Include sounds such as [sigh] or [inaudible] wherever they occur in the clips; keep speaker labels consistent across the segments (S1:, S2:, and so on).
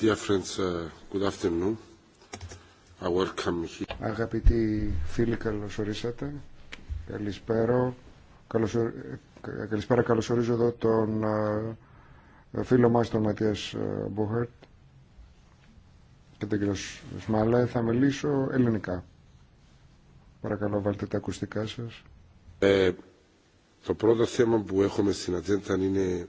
S1: Dear friends, good afternoon.
S2: Αγαπητοί φίλοι, καλώ ορίσατε. Καλησπέρα. Ε, καλησπέρα, καλωσορίζω εδώ τον ε, φίλο μας τον Ματίας ε, Μπουχέρτ και τον κύριο Σμαλά. Θα μιλήσω ελληνικά. Παρακαλώ βάλτε τα ακουστικά σας.
S1: το πρώτο θέμα που έχουμε στην ατζέντα είναι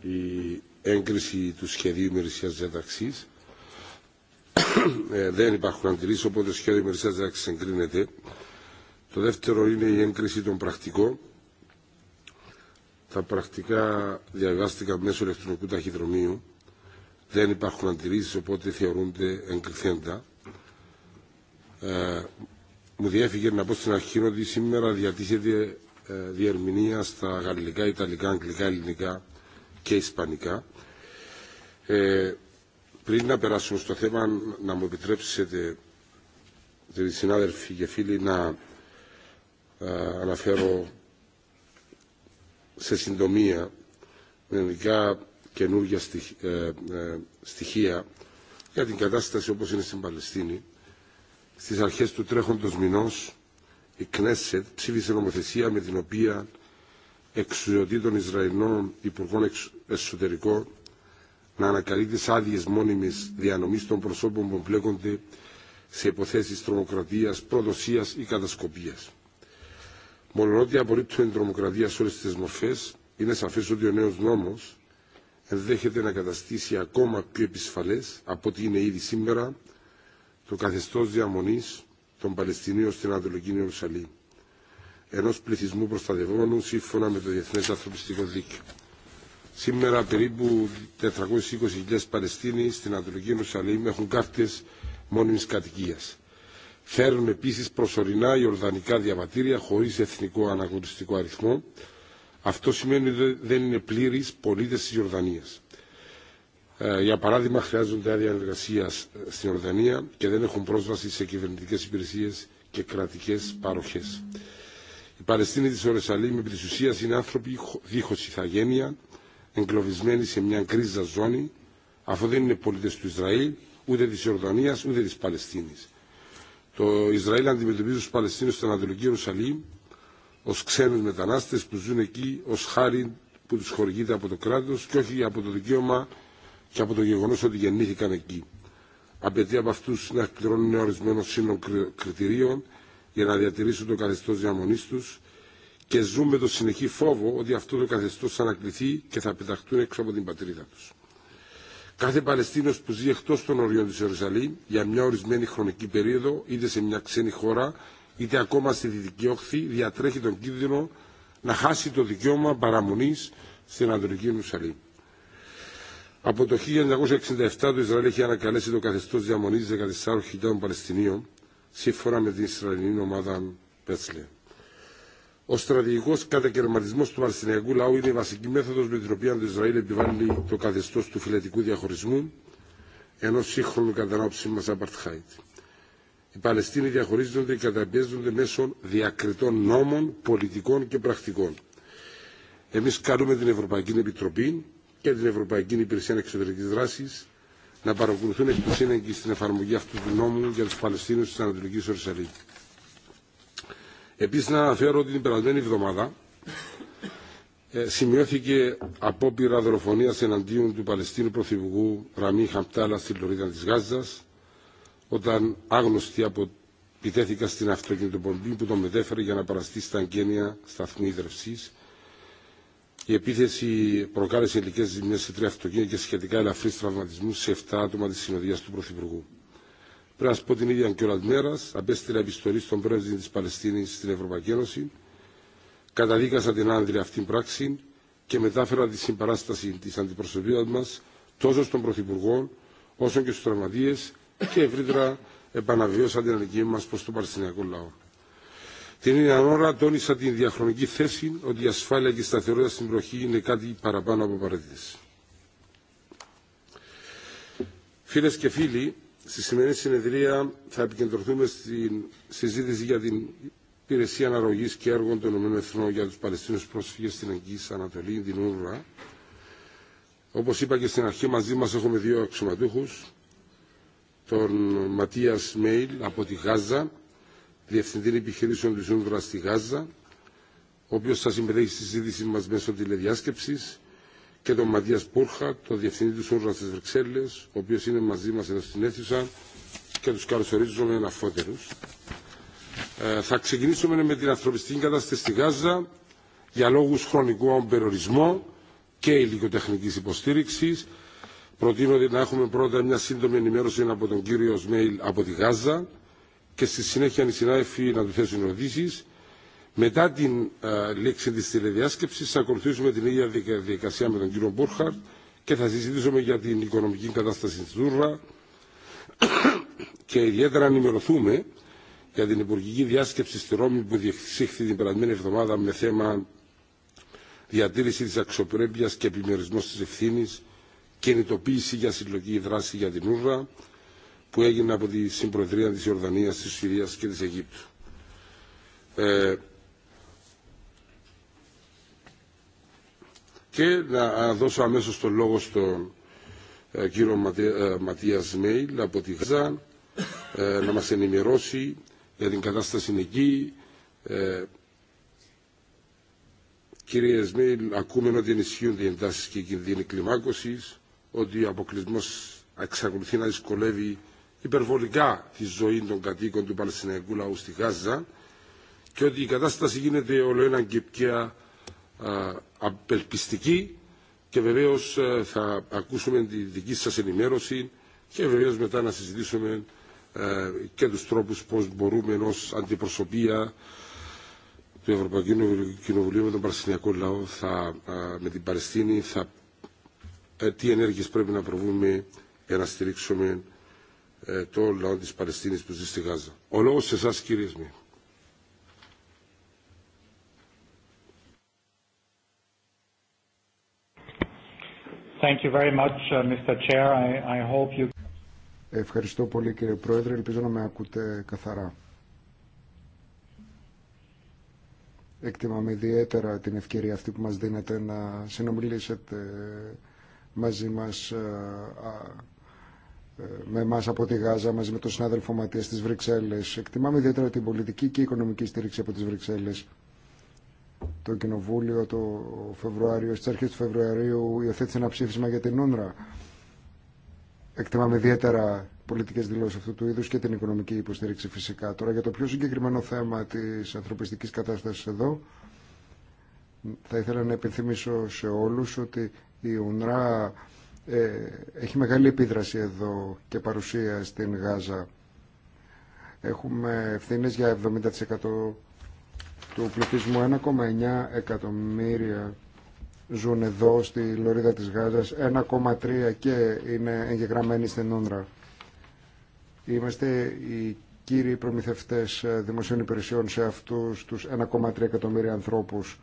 S1: η έγκριση του σχεδίου ημερησίας διαταξής. Ε, δεν υπάρχουν αντιρρήσει, οπότε το σχέδιο ημερησία εγκρίνεται. Το δεύτερο είναι η έγκριση των πρακτικών. Τα πρακτικά διαβάστηκαν μέσω ηλεκτρονικού ταχυδρομείου. Δεν υπάρχουν αντιρρήσει, οπότε θεωρούνται εγκριθέντα. Ε, μου διέφυγε να πω στην αρχή ότι σήμερα διατίθεται ε, διερμηνία στα γαλλικά, ιταλικά, αγγλικά, ελληνικά και ισπανικά. Ε, πριν να περάσουμε στο θέμα, να μου επιτρέψετε, συνάδελφοι και φίλοι, να ε, αναφέρω σε συντομία μερικά καινούργια ε, ε, στοιχεία για την κατάσταση όπως είναι στην Παλαιστίνη. Στις αρχές του τρέχοντος μηνός η Κνέσετ ψήφισε νομοθεσία με την οποία εξουσιοτήτων Ισραηλινών Υπουργών Εσωτερικών να ανακαλεί τι άδειε μόνιμη διανομή των προσώπων που εμπλέκονται σε υποθέσει τρομοκρατία, προδοσία ή κατασκοπία. Μόνο ότι απορρίπτουν την τρομοκρατία σε όλε τι μορφέ, είναι σαφέ ότι ο νέο νόμο ενδέχεται να καταστήσει ακόμα πιο επισφαλέ από ό,τι είναι ήδη σήμερα το καθεστώ διαμονή των Παλαιστινίων στην Ανατολική Ιερουσαλήμ, ενό πληθυσμού προστατευόμενου σύμφωνα με το Διεθνέ Ανθρωπιστικό Δίκαιο. Σήμερα περίπου 420.000 Παλαιστίνοι στην Ανατολική Ιερουσαλήμ έχουν κάρτες μόνιμη κατοικία. Φέρουν επίση προσωρινά Ιορδανικά διαβατήρια χωρί εθνικό αναγνωριστικό αριθμό. Αυτό σημαίνει ότι δεν είναι πλήρης πολίτες της Ιορδανίας. Ε, για παράδειγμα, χρειάζονται άδεια εργασία στην Ιορδανία και δεν έχουν πρόσβαση σε κυβερνητικέ υπηρεσίε και κρατικέ παροχέ. Οι Παλαιστίνοι τη Ιερουσαλήμ επί τη ουσία είναι άνθρωποι δίχω ηθαγένεια, εγκλωβισμένοι σε μια κρίζα ζώνη, αφού δεν είναι πολίτε του Ισραήλ, ούτε τη Ιορδανία, ούτε τη Παλαιστίνη. Το Ισραήλ αντιμετωπίζει του Παλαιστίνου στην Ανατολική Ιερουσαλήμ ω ξένου μετανάστε που ζουν εκεί ω χάρη που του χορηγείται από το κράτο και όχι από το δικαίωμα και από το γεγονό ότι γεννήθηκαν εκεί. Απαιτεί από αυτού να εκπληρώνουν ορισμένο σύνολο κριτηρίων για να διατηρήσουν το καθεστώ διαμονή του και ζουν με το συνεχή φόβο ότι αυτό το καθεστώ θα ανακληθεί και θα πεταχτούν έξω από την πατρίδα του. Κάθε Παλαιστίνο που ζει εκτό των οριών τη Ιερουσαλήμ για μια ορισμένη χρονική περίοδο, είτε σε μια ξένη χώρα, είτε ακόμα στη Δυτική Όχθη, διατρέχει τον κίνδυνο να χάσει το δικαίωμα παραμονή στην Ανατολική Ιερουσαλήμ. Από το 1967 το Ισραήλ έχει ανακαλέσει το καθεστώ διαμονή 14.000 Παλαιστινίων, σύμφωνα με την Ισραηλινή ομάδα Πέτσλε. Ο στρατηγικό κατακαιρματισμό του Παλαιστινιακού λαού είναι η βασική μέθοδο με την οποία το Ισραήλ επιβάλλει το καθεστώ του φυλετικού διαχωρισμού ενό σύγχρονου κατά μα Απαρτχάιτ. Οι Παλαιστίνοι διαχωρίζονται και καταπιέζονται μέσω διακριτών νόμων, πολιτικών και πρακτικών. Εμεί καλούμε την Ευρωπαϊκή Επιτροπή και την Ευρωπαϊκή Υπηρεσία Εξωτερική Δράση να παρακολουθούν εκ του σύνεγγυ στην εφαρμογή αυτού του νόμου για του Παλαιστίνου τη Ανατολική Ορυσαλίκη. Επίσης να αναφέρω ότι την περασμένη εβδομάδα ε, σημειώθηκε απόπειρα δολοφονίας εναντίον του Παλαιστίνου Πρωθυπουργού Ραμί Χαμπτάλα στη Λωρίδα της Γάζας όταν άγνωστοι από επιτέθηκαν στην αυτοκινητοπομπή που τον μετέφερε για να παραστεί στα εγγένεια σταθμού ίδρυυση. Η επίθεση προκάλεσε ελληνικέ ζημιέ σε τρία αυτοκίνητα και σχετικά ελαφρύ τραυματισμού σε 7 άτομα τη συνοδεία του Πρωθυπουργού. Πρέπει να σα πω την ίδια και τη μέρα, απέστειλα επιστολή στον πρόεδρο τη Παλαιστίνη στην Ευρωπαϊκή Ένωση, καταδίκασα την άνδρια αυτήν πράξη και μετάφερα τη συμπαράσταση τη αντιπροσωπείας μα τόσο στον Πρωθυπουργό όσο και στου τραυματίε και ευρύτερα επαναβίωσα την ανική μα προ τον Παλαιστινιακό λαό. Την ίδια ώρα τόνισα την διαχρονική θέση ότι η ασφάλεια και η σταθερότητα στην προχή είναι κάτι παραπάνω από παρέτηση. Φίλε και φίλοι, Στη σημερινή συνεδρία θα επικεντρωθούμε στη συζήτηση για την υπηρεσία αναρρογή και έργων των ΗΕ για του Παλαιστίνου πρόσφυγε στην Αγγλική Ανατολή, την Ούρα. Όπω είπα και στην αρχή, μαζί μα έχουμε δύο αξιωματούχου. Τον Ματία Μέιλ από τη Γάζα, διευθυντή επιχειρήσεων τη Ούρα στη Γάζα, ο οποίο θα συμμετέχει στη συζήτηση μα μέσω τηλεδιάσκεψη και τον Ματία Πούρχα, τον Διευθυντή του Σούρνα στι Βρυξέλλε, ο οποίο είναι μαζί μα εδώ στην αίθουσα και του καλωσορίζουμε αναφότερου. Ε, θα ξεκινήσουμε με την ανθρωπιστική κατάσταση στη Γάζα για λόγου χρονικού περιορισμού και υλικοτεχνική υποστήριξη. Προτείνω ότι να έχουμε πρώτα μια σύντομη ενημέρωση από τον κύριο Σμέιλ από τη Γάζα και στη συνέχεια οι συνάδελφοι να του θέσουν ερωτήσει μετά την ε, λήξη της τηλεδιάσκεψης θα ακολουθήσουμε την ίδια διαδικασία με τον κύριο Μπούρχαρτ και θα συζητήσουμε για την οικονομική κατάσταση της Δούρα και ιδιαίτερα ενημερωθούμε για την υπουργική διάσκεψη στη Ρώμη που διεξήχθη την περασμένη εβδομάδα με θέμα διατήρηση της αξιοπρέπειας και επιμερισμός της ευθύνη, κινητοποίηση για συλλογική δράση για την Ούρα που έγινε από τη Συμπροεδρία της Ιορδανίας, της Συρίας και της Αιγύπτου. Ε, Και να δώσω αμέσως το λόγο στον ε, κύριο ε, Ματίας Νέιλ από τη Γάζα ε, να μας ενημερώσει για την κατάσταση εκεί. Κύριε Νέιλ, ακούμε ότι ενισχύουν οι εντάσεις και οι κινδύνοι κλιμάκωσης, ότι ο αποκλεισμό εξακολουθεί να δυσκολεύει υπερβολικά τη ζωή των κατοίκων του Παλαιστινιακού λαού στη Γάζα και ότι η κατάσταση γίνεται ολοένα και πια απελπιστική και βεβαίως ε, θα ακούσουμε τη δική σας ενημέρωση και βεβαίως μετά να συζητήσουμε ε, και τους τρόπους πώς μπορούμε ως αντιπροσωπεία του Ευρωπαϊκού Κοινοβουλίου με τον Παρασυνιακό Λαό θα, ε, με την Παλαιστίνη θα, τι ενέργειες πρέπει να προβούμε για να στηρίξουμε το λαό της Παλαιστίνης που ζει στη Γάζα. Ο λόγος σε εσάς κύριε
S2: Ευχαριστώ πολύ κύριε Πρόεδρε, ελπίζω να με ακούτε καθαρά. Εκτιμάμε ιδιαίτερα την ευκαιρία αυτή που μας δίνεται να συνομιλήσετε μαζί μας ε, ε, με εμά από τη Γάζα, μαζί με τον συνάδελφο Ματία στις Βρυξέλλες. Εκτιμάμε ιδιαίτερα την πολιτική και οικονομική στήριξη από τις Βρυξέλλες το Κοινοβούλιο το Φεβρουάριο, στις αρχές του Φεβρουαρίου υιοθέτησε ένα ψήφισμα για την ΟΝΡΑ. Εκτιμάμε ιδιαίτερα πολιτικές δηλώσεις αυτού του είδους και την οικονομική υποστήριξη φυσικά. Τώρα για το πιο συγκεκριμένο θέμα τη ανθρωπιστική κατάσταση εδώ, θα ήθελα να επιθυμίσω σε όλους ότι η ΟΝΡΑ ε, έχει μεγάλη επίδραση εδώ και παρουσία στην Γάζα. Έχουμε ευθύνε για 70% του πληθυσμού 1,9 εκατομμύρια ζουν εδώ στη Λωρίδα της Γάζας 1,3 και είναι εγγεγραμμένοι στην Ούντρα Είμαστε οι κύριοι προμηθευτές ε, δημοσίων υπηρεσιών σε αυτούς τους 1,3 εκατομμύρια ανθρώπους.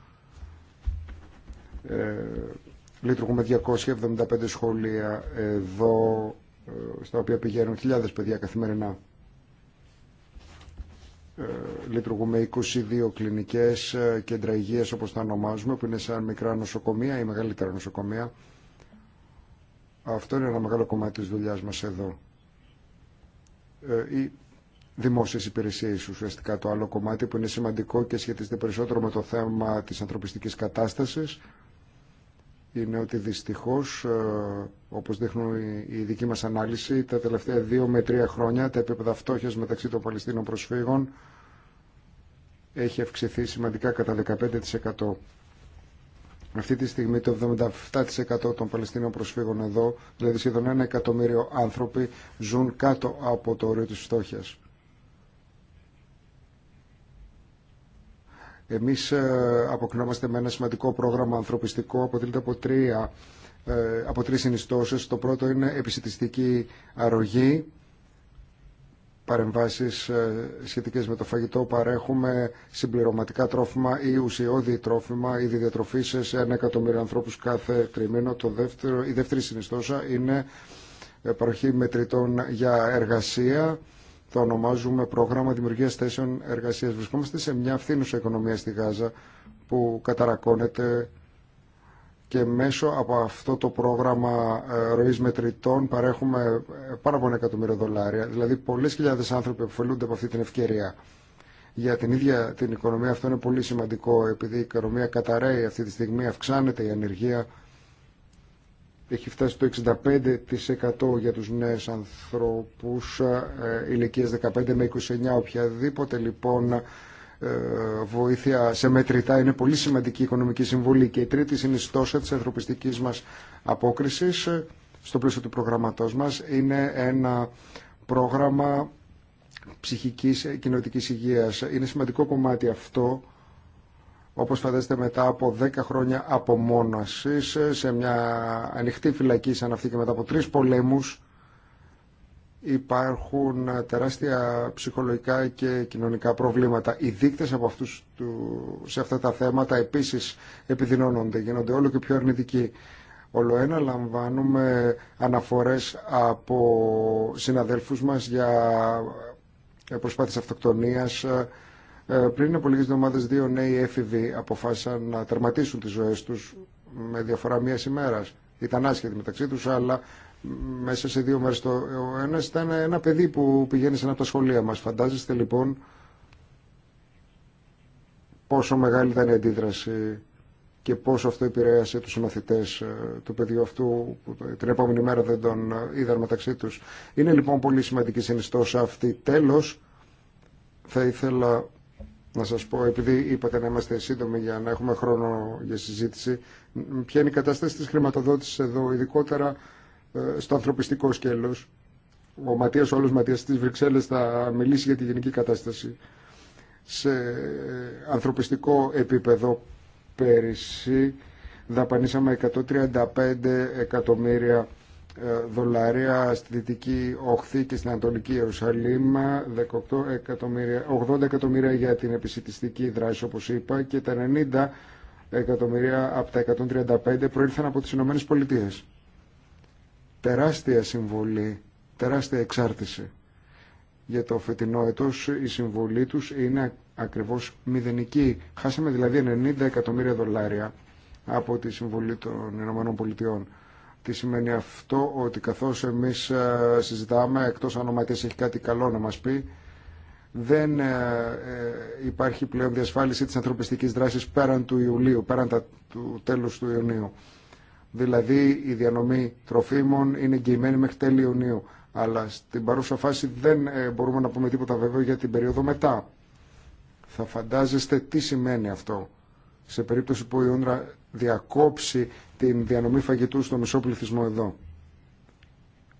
S2: Ε, λειτουργούμε 275 σχολεία εδώ ε, στα οποία πηγαίνουν χιλιάδες παιδιά καθημερινά. Ε, λειτουργούμε 22 κλινικές ε, κέντρα υγείας όπως τα ονομάζουμε που είναι σαν μικρά νοσοκομεία ή μεγαλύτερα νοσοκομεία. Αυτό είναι ένα μεγάλο κομμάτι της δουλειάς μας εδώ. Ε, οι δημόσιες υπηρεσίες ουσιαστικά το άλλο κομμάτι που είναι σημαντικό και σχετίζεται περισσότερο με το θέμα της ανθρωπιστικής κατάστασης είναι ότι δυστυχώς, ε, όπως δείχνουν η δική μας ανάλυση, τα τελευταία δύο με τρία χρόνια τα επίπεδα φτώχειας μεταξύ των Παλαιστίνων προσφύγων έχει αυξηθεί σημαντικά κατά 15%. Αυτή τη στιγμή το 77% των Παλαιστίνων προσφύγων εδώ, δηλαδή σχεδόν ένα εκατομμύριο άνθρωποι, ζουν κάτω από το όριο της φτώχειας. Εμείς ε, αποκνόμαστε με ένα σημαντικό πρόγραμμα ανθρωπιστικό, αποτελείται από τρία ε, από τρεις συνιστώσεις. Το πρώτο είναι επισητιστική αρρωγή, παρεμβάσεις ε, σχετικές με το φαγητό. Παρέχουμε συμπληρωματικά τρόφιμα ή ουσιώδη τρόφιμα ή διατροφής σε ένα εκατομμύριο ανθρώπους κάθε τριμήνο. Το δεύτερο, η δεύτερη συνιστόσα είναι παροχή μετρητών για εργασία το ονομάζουμε πρόγραμμα δημιουργίας θέσεων εργασία. Βρισκόμαστε σε μια φθήνουσα οικονομία στη Γάζα που καταρακώνεται και μέσω από αυτό το πρόγραμμα ε, ροή μετρητών παρέχουμε ε, πάρα πολλά εκατομμύριο δολάρια. Δηλαδή πολλές χιλιάδε άνθρωποι αποφελούνται από αυτή την ευκαιρία. Για την ίδια την οικονομία αυτό είναι πολύ σημαντικό επειδή η οικονομία καταραίει αυτή τη στιγμή, αυξάνεται η ανεργία έχει φτάσει το 65% για τους νέους ανθρώπους ε, ηλικίας 15 με 29. Οποιαδήποτε λοιπόν ε, βοήθεια σε μετρητά είναι πολύ σημαντική οικονομική συμβολή. Και η τρίτη συνιστόσα της ανθρωπιστικής μας απόκρισης ε, στο πλαίσιο του προγραμματός μας είναι ένα πρόγραμμα ψυχικής κοινωτικής υγείας. Είναι σημαντικό κομμάτι αυτό όπως φαντάζεστε μετά από 10 χρόνια απομόνωσης σε μια ανοιχτή φυλακή σαν αυτή και μετά από τρεις πολέμους υπάρχουν τεράστια ψυχολογικά και κοινωνικά προβλήματα. Οι δείκτες από αυτούς του, σε αυτά τα θέματα επίσης επιδεινώνονται, γίνονται όλο και πιο αρνητικοί. Όλο ένα λαμβάνουμε αναφορές από συναδέλφους μας για προσπάθειες αυτοκτονίας, ε, πριν από λίγες εβδομάδες δύο νέοι έφηβοι αποφάσισαν να τερματίσουν τις ζωές τους με διαφορά μίας ημέρας. Ήταν άσχετοι μεταξύ τους, αλλά μέσα σε δύο μέρες το ένα ήταν ένα παιδί που πηγαίνει σε ένα από τα σχολεία μας. Φαντάζεστε λοιπόν πόσο μεγάλη ήταν η αντίδραση και πόσο αυτό επηρέασε τους συμμαθητές ε, του παιδιού αυτού που την επόμενη μέρα δεν τον ε, είδαν μεταξύ τους. Είναι λοιπόν πολύ σημαντική συνιστόσα αυτή. Τέλος, θα ήθελα να σας πω, επειδή είπατε να είμαστε σύντομοι για να έχουμε χρόνο για συζήτηση, ποια είναι η κατάσταση της χρηματοδότησης εδώ, ειδικότερα ε, στο ανθρωπιστικό σκέλος. Ο Ματίας, ο άλλος Ματίας της Βρυξέλλες θα μιλήσει για τη γενική κατάσταση. Σε ε, ανθρωπιστικό επίπεδο πέρυσι δαπανίσαμε 135 εκατομμύρια ε, δολάρια στη Δυτική Οχθή και στην Ανατολική Ιερουσαλήμ, 18 εκατομμύρια, 80 εκατομμύρια για την επισητιστική δράση όπως είπα και τα 90 εκατομμύρια από τα 135 προήλθαν από τις Ηνωμένες Πολιτείες. Τεράστια συμβολή, τεράστια εξάρτηση. Για το φετινό ετός η συμβολή τους είναι ακριβώς μηδενική. Χάσαμε δηλαδή 90 εκατομμύρια δολάρια από τη συμβολή των Ηνωμένων Πολιτειών. Τι σημαίνει αυτό ότι καθώς εμείς ε, συζητάμε, εκτός αν ο έχει κάτι καλό να μας πει, δεν ε, ε, υπάρχει πλέον διασφάλιση της ανθρωπιστικής δράσης πέραν του Ιουλίου, πέραν του τέλους του Ιουνίου. Δηλαδή η διανομή τροφίμων είναι εγγυημένη μέχρι τέλη Ιουνίου. Αλλά στην παρούσα φάση δεν μπορούμε να πούμε τίποτα βέβαιο για την περίοδο μετά. Θα φαντάζεστε τι σημαίνει αυτό. Σε περίπτωση που η Ιούντρα διακόψει την διανομή φαγητού στο μισό πληθυσμό εδώ.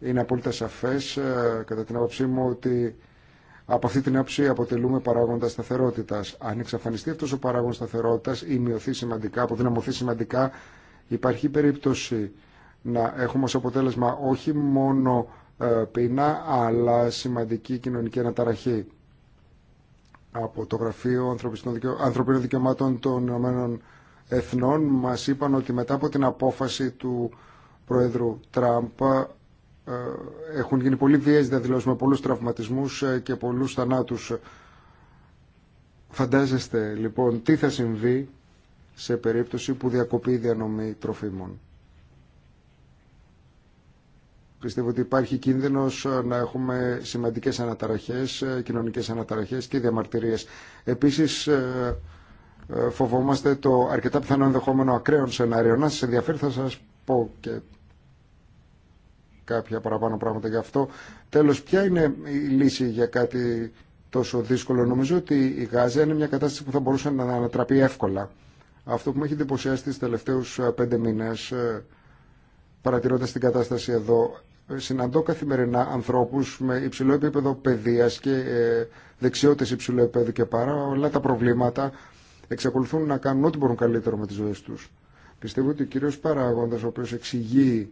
S2: Είναι απόλυτα σαφές ε, κατά την άποψή μου ότι από αυτή την άποψη αποτελούμε παράγοντα σταθερότητα. Αν εξαφανιστεί αυτό ο παράγοντα σταθερότητα ή μειωθεί σημαντικά, αποδυναμωθεί σημαντικά, υπάρχει περίπτωση να έχουμε ως αποτέλεσμα όχι μόνο ε, πείνα, αλλά σημαντική κοινωνική αναταραχή. Από το Γραφείο Ανθρωπίνων Δικαιωμάτων των Ηνωμένων Εθνών μας είπαν ότι μετά από την απόφαση του Πρόεδρου Τραμπ ε, έχουν γίνει πολύ βίες διαδηλώσεις με πολλούς τραυματισμούς ε, και πολλούς θανάτους. Φαντάζεστε λοιπόν τι θα συμβεί σε περίπτωση που διακοπεί η διανομή τροφίμων. Πιστεύω ότι υπάρχει κίνδυνος ε, να έχουμε σημαντικές αναταραχές, κοινωνικές αναταραχές και διαμαρτυρίες. Επίσης φοβόμαστε το αρκετά πιθανό ενδεχόμενο ακραίων σενάριων. Να σας ενδιαφέρει θα σας πω και κάποια παραπάνω πράγματα γι' αυτό. Τέλος, ποια είναι η λύση για κάτι τόσο δύσκολο. Νομίζω ότι η Γάζα είναι μια κατάσταση που θα μπορούσε να ανατραπεί εύκολα. Αυτό που με έχει εντυπωσιάσει τις τελευταίους ε, πέντε μήνες, ε, παρατηρώντας την κατάσταση εδώ, ε, συναντώ καθημερινά ανθρώπους με υψηλό επίπεδο παιδείας και δεξιότητες υψηλό επίπεδο και πάρα όλα τα προβλήματα εξακολουθούν να κάνουν ό,τι μπορούν καλύτερο με τις ζωές τους. Πιστεύω ότι ο κύριος παράγοντας, ο οποίος εξηγεί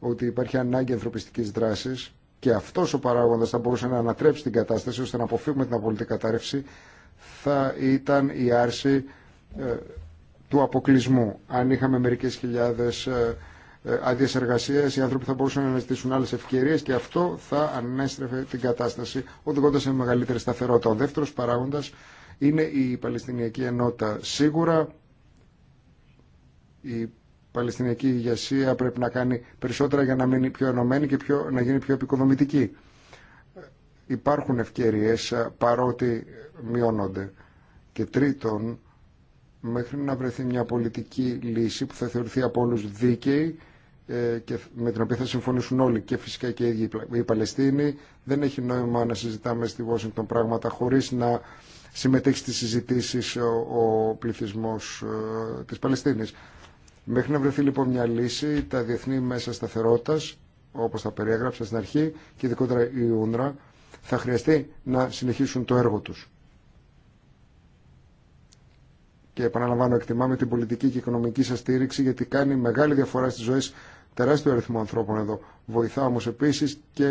S2: ότι υπάρχει ανάγκη ανθρωπιστικής δράσης και αυτός ο παράγοντας θα μπορούσε να ανατρέψει την κατάσταση ώστε να αποφύγουμε την απολύτη κατάρρευση, θα ήταν η άρση ε, του αποκλεισμού. Αν είχαμε μερικές χιλιάδες ε, ε άδειε εργασία, οι άνθρωποι θα μπορούσαν να αναζητήσουν άλλε ευκαιρίε και αυτό θα ανέστρεφε την κατάσταση, οδηγώντα σε μεγαλύτερη σταθερότητα. Ο δεύτερο παράγοντα είναι η Παλαιστινιακή Ενότητα. Σίγουρα η Παλαιστινιακή ηγεσία πρέπει να κάνει περισσότερα για να μείνει πιο ενωμένη και πιο, να γίνει πιο επικοδομητική. Υπάρχουν ευκαιρίες ε, παρότι μειώνονται. Και τρίτον, μέχρι να βρεθεί μια πολιτική λύση που θα θεωρηθεί από όλους δίκαιη, ε, και με την οποία θα συμφωνήσουν όλοι και φυσικά και οι ίδιοι οι Παλαιστίνοι. Δεν έχει νόημα να συζητάμε στη Washington πράγματα χωρίς να συμμετέχει στις συζητήσεις ο πληθυσμός ε, της Παλαιστίνης. Μέχρι να βρεθεί λοιπόν μια λύση, τα διεθνή μέσα σταθερότητας, όπως τα περιέγραψα στην αρχή και ειδικότερα η UNRWA, θα χρειαστεί να συνεχίσουν το έργο τους και επαναλαμβάνω εκτιμάμε την πολιτική και οικονομική σας στήριξη γιατί κάνει μεγάλη διαφορά στις ζωές τεράστιου αριθμού ανθρώπων εδώ. Βοηθά όμως επίσης και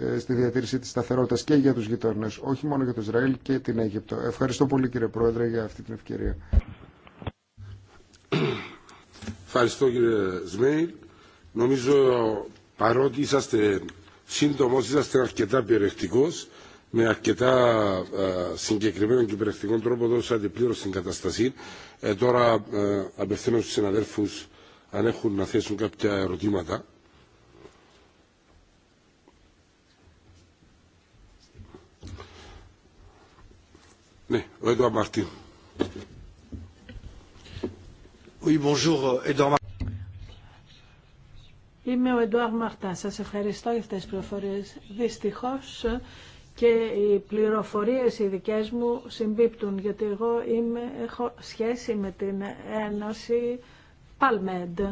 S2: ε, στη διατήρηση της σταθερότητας και για τους γειτόνες, όχι μόνο για το Ισραήλ και την Αίγυπτο. Ευχαριστώ πολύ κύριε Πρόεδρε για αυτή την ευκαιρία.
S1: Ευχαριστώ κύριε Σμέιλ. Νομίζω παρότι είσαστε σύντομος, είσαστε αρκετά περιεκτικός με αρκετά ε, συγκεκριμένο και υπερευτικό τρόπο δώσατε πλήρω την καταστασή. Ε, τώρα ε, απευθύνω στους συναδέλφους αν έχουν να θέσουν κάποια ερωτήματα. Ναι, ο Εντουάρ Μαρτίν. bonjour, Edouard
S3: Είμαι ο Εντουάρ Μαρτά. Σας ευχαριστώ για αυτές τις πληροφορίες. Δυστυχώς και οι πληροφορίες οι δικές μου συμπίπτουν γιατί εγώ είμαι, έχω σχέση με την Ένωση Palmed.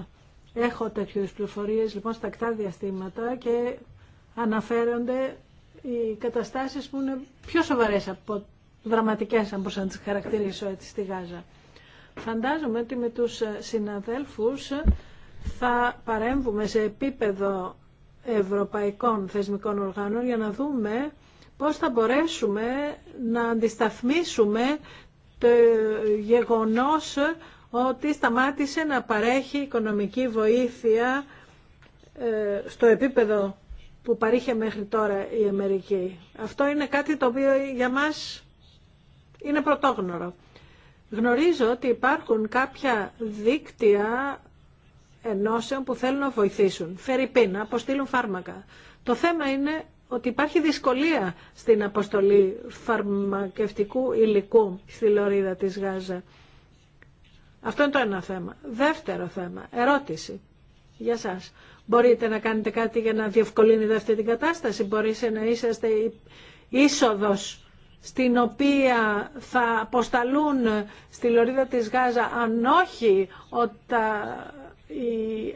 S3: Έχω τέτοιου πληροφορίες λοιπόν στα κτά διαστήματα και αναφέρονται οι καταστάσεις που είναι πιο σοβαρές από δραματικές αν μπορούσα να τις χαρακτηρίσω έτσι στη Γάζα. Φαντάζομαι ότι με τους συναδέλφους θα παρέμβουμε σε επίπεδο ευρωπαϊκών θεσμικών οργάνων για να δούμε πώς θα μπορέσουμε να αντισταθμίσουμε το γεγονός ότι σταμάτησε να παρέχει οικονομική βοήθεια ε, στο επίπεδο που παρήχε μέχρι τώρα η Αμερική. Αυτό είναι κάτι το οποίο για μας είναι πρωτόγνωρο. Γνωρίζω ότι υπάρχουν κάποια δίκτυα ενώσεων που θέλουν να βοηθήσουν. Φερρυπίν, αποστείλουν φάρμακα. Το θέμα είναι ότι υπάρχει δυσκολία στην αποστολή φαρμακευτικού υλικού στη λωρίδα της Γάζα. Αυτό είναι το ένα θέμα. Δεύτερο θέμα, ερώτηση για σας. Μπορείτε να κάνετε κάτι για να διευκολύνετε αυτή την κατάσταση. Μπορείτε να είσαστε είσοδος στην οποία θα αποσταλούν στη λωρίδα της Γάζα, αν όχι, όταν η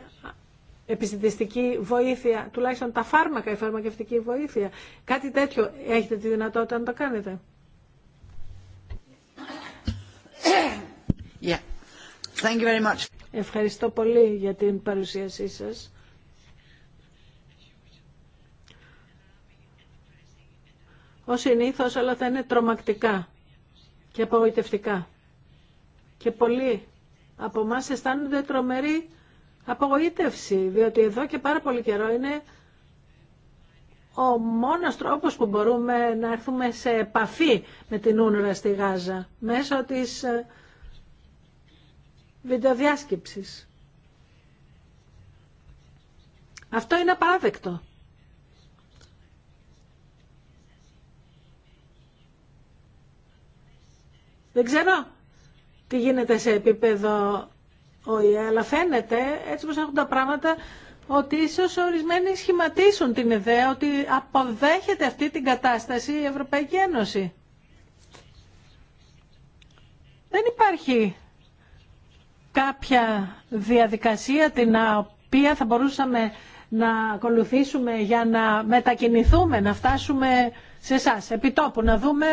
S3: επιστημιστική βοήθεια, τουλάχιστον τα φάρμακα, η φαρμακευτική βοήθεια. Κάτι τέτοιο έχετε τη δυνατότητα να το κάνετε. Yeah. Thank you very much. Ευχαριστώ πολύ για την παρουσίασή σας. Ο συνήθω όλα θα είναι τρομακτικά και απογοητευτικά. Και πολλοί από εμά αισθάνονται τρομεροί απογοήτευση, διότι εδώ και πάρα πολύ καιρό είναι ο μόνος τρόπος που μπορούμε να έρθουμε σε επαφή με την Ούνρα στη Γάζα, μέσω της ε, βιντεοδιάσκεψης. Αυτό είναι απαράδεκτο. Δεν ξέρω τι γίνεται σε επίπεδο όχι, αλλά φαίνεται έτσι όπως έχουν τα πράγματα ότι ίσως ορισμένοι σχηματίσουν την ιδέα ότι αποδέχεται αυτή την κατάσταση η Ευρωπαϊκή Ένωση. Δεν υπάρχει κάποια διαδικασία την οποία θα μπορούσαμε να ακολουθήσουμε για να μετακινηθούμε, να φτάσουμε σε εσά, επιτόπου, να δούμε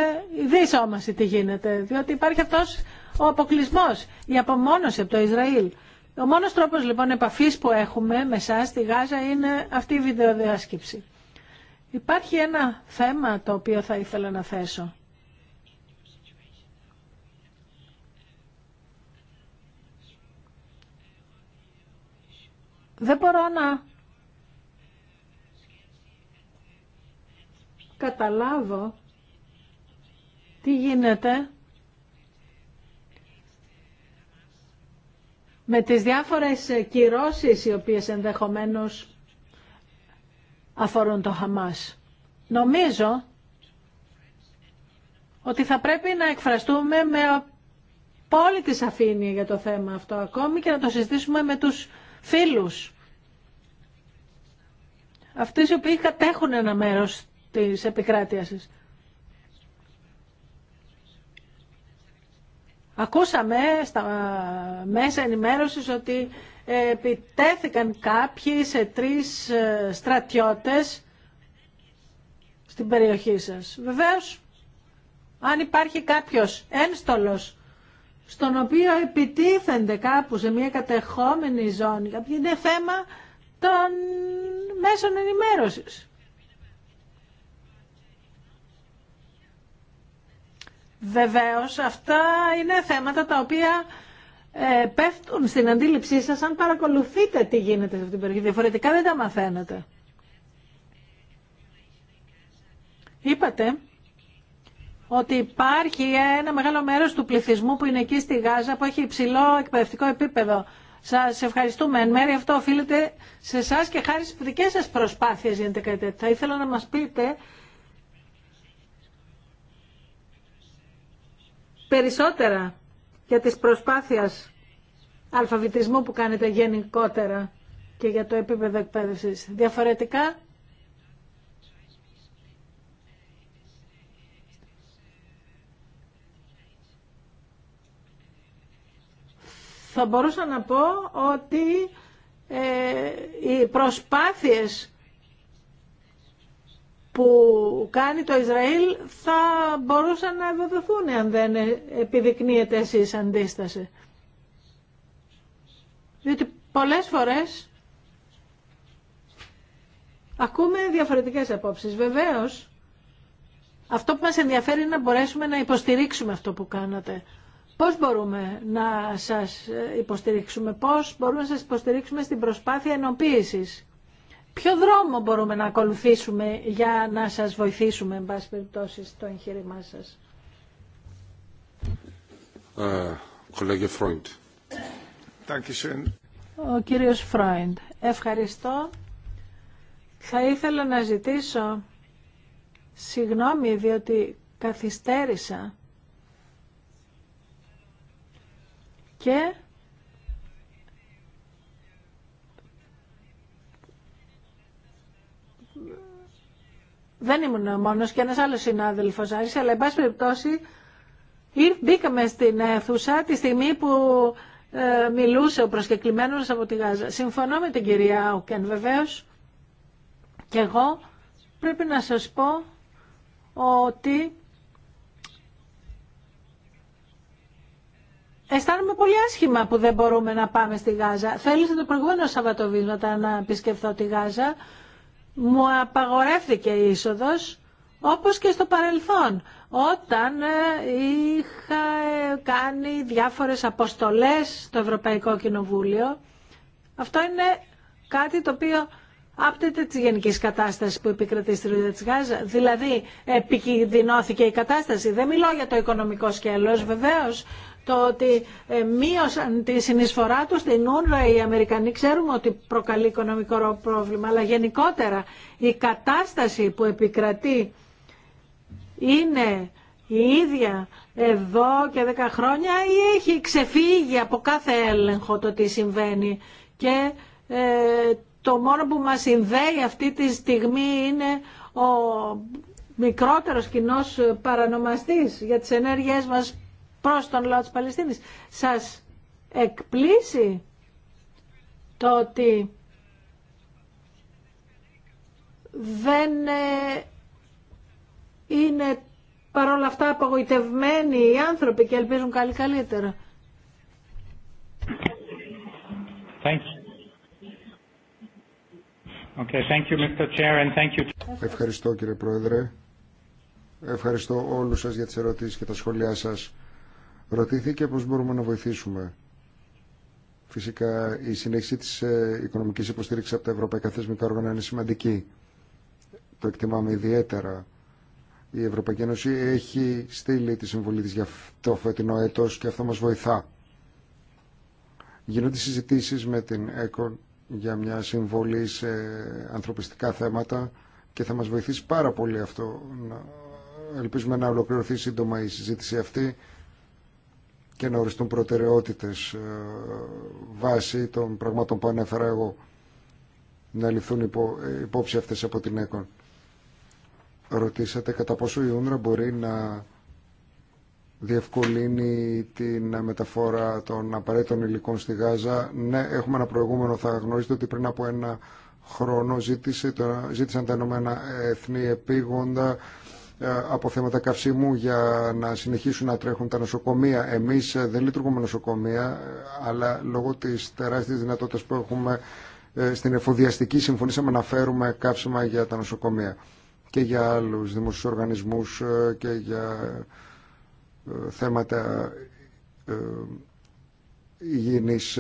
S3: μα τι γίνεται. Διότι υπάρχει αυτός ο αποκλεισμό η απομόνωση από το Ισραήλ. Ο μόνος τρόπος λοιπόν επαφή που έχουμε με εσά στη Γάζα είναι αυτή η βιντεοδιάσκεψη. Υπάρχει ένα θέμα το οποίο θα ήθελα να θέσω. Δεν μπορώ να καταλάβω τι γίνεται με τις διάφορες κυρώσεις οι οποίες ενδεχομένως αφορούν το Χαμάς. Νομίζω ότι θα πρέπει να εκφραστούμε με απόλυτη σαφήνεια για το θέμα αυτό ακόμη και να το συζητήσουμε με τους φίλους. Αυτοί οι οποίοι κατέχουν ένα μέρος της επικράτειας Ακούσαμε στα μέσα ενημέρωσης ότι επιτέθηκαν κάποιοι σε τρεις ε, στρατιώτες στην περιοχή σας. Βεβαίως, αν υπάρχει κάποιος ένστολος στον οποίο επιτίθενται κάπου σε μια κατεχόμενη ζώνη, είναι θέμα των μέσων ενημέρωσης. Βεβαίως αυτά είναι θέματα τα οποία ε, πέφτουν στην αντίληψή σας αν παρακολουθείτε τι γίνεται σε αυτήν την περιοχή. Διαφορετικά δεν τα μαθαίνετε. Είπατε ότι υπάρχει ένα μεγάλο μέρος του πληθυσμού που είναι εκεί στη Γάζα που έχει υψηλό εκπαιδευτικό επίπεδο. Σας ευχαριστούμε. Εν μέρει αυτό οφείλεται σε εσά και χάρη στις δικές σας προσπάθειες γίνεται κάτι τέτοιο. Θα ήθελα να μας πείτε περισσότερα για τις προσπάθειες αλφαβητισμού που κάνετε γενικότερα και για το επίπεδο εκπαίδευσης. Διαφορετικά, θα μπορούσα να πω ότι ε, οι προσπάθειες που κάνει το Ισραήλ θα μπορούσαν να ευοδοθούν αν δεν επιδεικνύεται εσείς αντίσταση. Διότι πολλές φορές ακούμε διαφορετικές απόψεις. Βεβαίως, αυτό που μας ενδιαφέρει είναι να μπορέσουμε να υποστηρίξουμε αυτό που κάνατε. Πώς μπορούμε να σας υποστηρίξουμε, πώς μπορούμε να σας υποστηρίξουμε στην προσπάθεια ενοποίησης ποιο δρόμο μπορούμε να ακολουθήσουμε για να σας βοηθήσουμε, εν πάση περιπτώσει, στο εγχείρημά σας.
S1: Ε, Φρόιντ.
S3: Ο κύριος Φρόιντ. Ευχαριστώ. Θα ήθελα να ζητήσω συγγνώμη διότι καθυστέρησα και δεν ήμουν μόνος και ένας άλλος συνάδελφος άρχισε, αλλά εν πάση περιπτώσει μπήκαμε στην αίθουσα τη στιγμή που ε, μιλούσε ο προσκεκλημένος από τη Γάζα. Συμφωνώ με την κυρία Ουκεν βεβαίως και εγώ πρέπει να σας πω ότι Αισθάνομαι πολύ άσχημα που δεν μπορούμε να πάμε στη Γάζα. Θέλησα το προηγούμενο Σαββατοβίσματα να επισκεφθώ τη Γάζα μου απαγορεύτηκε η είσοδος όπως και στο παρελθόν όταν ε, είχα ε, κάνει διάφορες αποστολές στο Ευρωπαϊκό Κοινοβούλιο. Αυτό είναι κάτι το οποίο άπτεται τη γενική κατάσταση που επικρατεί στη Ρουδία τη Γάζα. Δηλαδή, επικινδυνώθηκε η κατάσταση. Δεν μιλώ για το οικονομικό σκέλος, βεβαίως, το ότι ε, μείωσαν τη συνεισφορά του στην ούνρα οι Αμερικανοί. Ξέρουμε ότι προκαλεί οικονομικό πρόβλημα, αλλά γενικότερα η κατάσταση που επικρατεί είναι η ίδια εδώ και δέκα χρόνια ή έχει ξεφύγει από κάθε έλεγχο το τι συμβαίνει και ε, το μόνο που μας συνδέει αυτή τη στιγμή είναι ο μικρότερος κοινός παρανομαστής για τις ενέργειές μας προς τον λαό της Παλαιστίνης. Σας εκπλήσει το ότι δεν ε, είναι παρόλα αυτά απογοητευμένοι οι άνθρωποι και ελπίζουν καλή καλύτερα.
S2: Ευχαριστώ κύριε Πρόεδρε. Ευχαριστώ όλους σας για τις ερωτήσεις και τα σχόλιά σας. Ρωτήθηκε πώς μπορούμε να βοηθήσουμε. Φυσικά η συνέχιση της ε, οικονομικής υποστήριξης από τα ευρωπαϊκά θεσμικά όργανα είναι σημαντική. Το εκτιμάμε ιδιαίτερα. Η Ευρωπαϊκή Ένωση έχει στείλει τη συμβολή της για το φετινό έτος και αυτό μας βοηθά. Γίνονται συζητήσεις με την ΕΚΟΝ για μια συμβολή σε ανθρωπιστικά θέματα και θα μας βοηθήσει πάρα πολύ αυτό. Ελπίζουμε να ολοκληρωθεί σύντομα η συζήτηση αυτή και να οριστούν προτεραιότητες ε, βάσει των πραγμάτων που ανέφερα εγώ να ληφθούν υπό, ε, υπόψη αυτές από την ΕΚΟΝ. Ρωτήσατε κατά πόσο η ΟΝΡΑ μπορεί να διευκολύνει την μεταφορά των απαραίτητων υλικών στη Γάζα. Ναι, έχουμε ένα προηγούμενο. Θα γνωρίζετε ότι πριν από ένα χρόνο ζήτησε, το, ζήτησαν τα Ηνωμένα Έθνη επίγοντα ε, από θέματα καυσίμου για να συνεχίσουν να τρέχουν τα νοσοκομεία. Εμείς ε, δεν λειτουργούμε νοσοκομεία, ε, αλλά λόγω της τεράστιας δυνατότητας που έχουμε στην εφοδιαστική συμφωνήσαμε να φέρουμε καύσιμα για τα νοσοκομεία και για άλλους δημοσίους οργανισμούς και για θέματα υγιεινής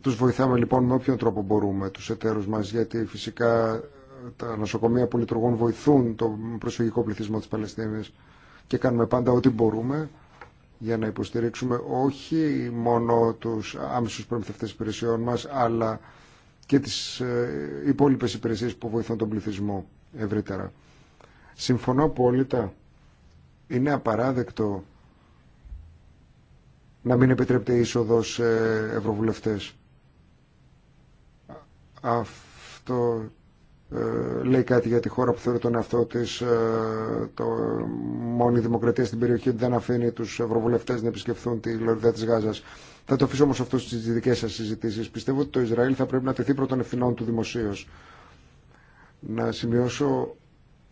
S2: τους βοηθάμε λοιπόν με όποιον τρόπο μπορούμε τους εταίρους μας γιατί φυσικά τα νοσοκομεία που λειτουργούν βοηθούν τον προσφυγικό πληθυσμό της Παλαιστίνης και κάνουμε πάντα ό,τι μπορούμε για να υποστηρίξουμε όχι μόνο τους άμεσους προμηθευτές υπηρεσιών μας αλλά και τις ε, υπόλοιπες υπηρεσίες που βοηθούν τον πληθυσμό ευρύτερα. Συμφωνώ απόλυτα. Είναι απαράδεκτο να μην επιτρέπεται είσοδο σε ευρωβουλευτές. Αυτό ε, λέει κάτι για τη χώρα που θεωρεί τον εαυτό τη ε, το μόνη δημοκρατία στην περιοχή δεν αφήνει του ευρωβουλευτέ να επισκεφθούν τη λωρίδα τη Γάζα. Θα το αφήσω όμω αυτό στι δικέ σα συζητήσει. Πιστεύω ότι το Ισραήλ θα πρέπει να τεθεί πρώτον ευθυνών του δημοσίω. Να σημειώσω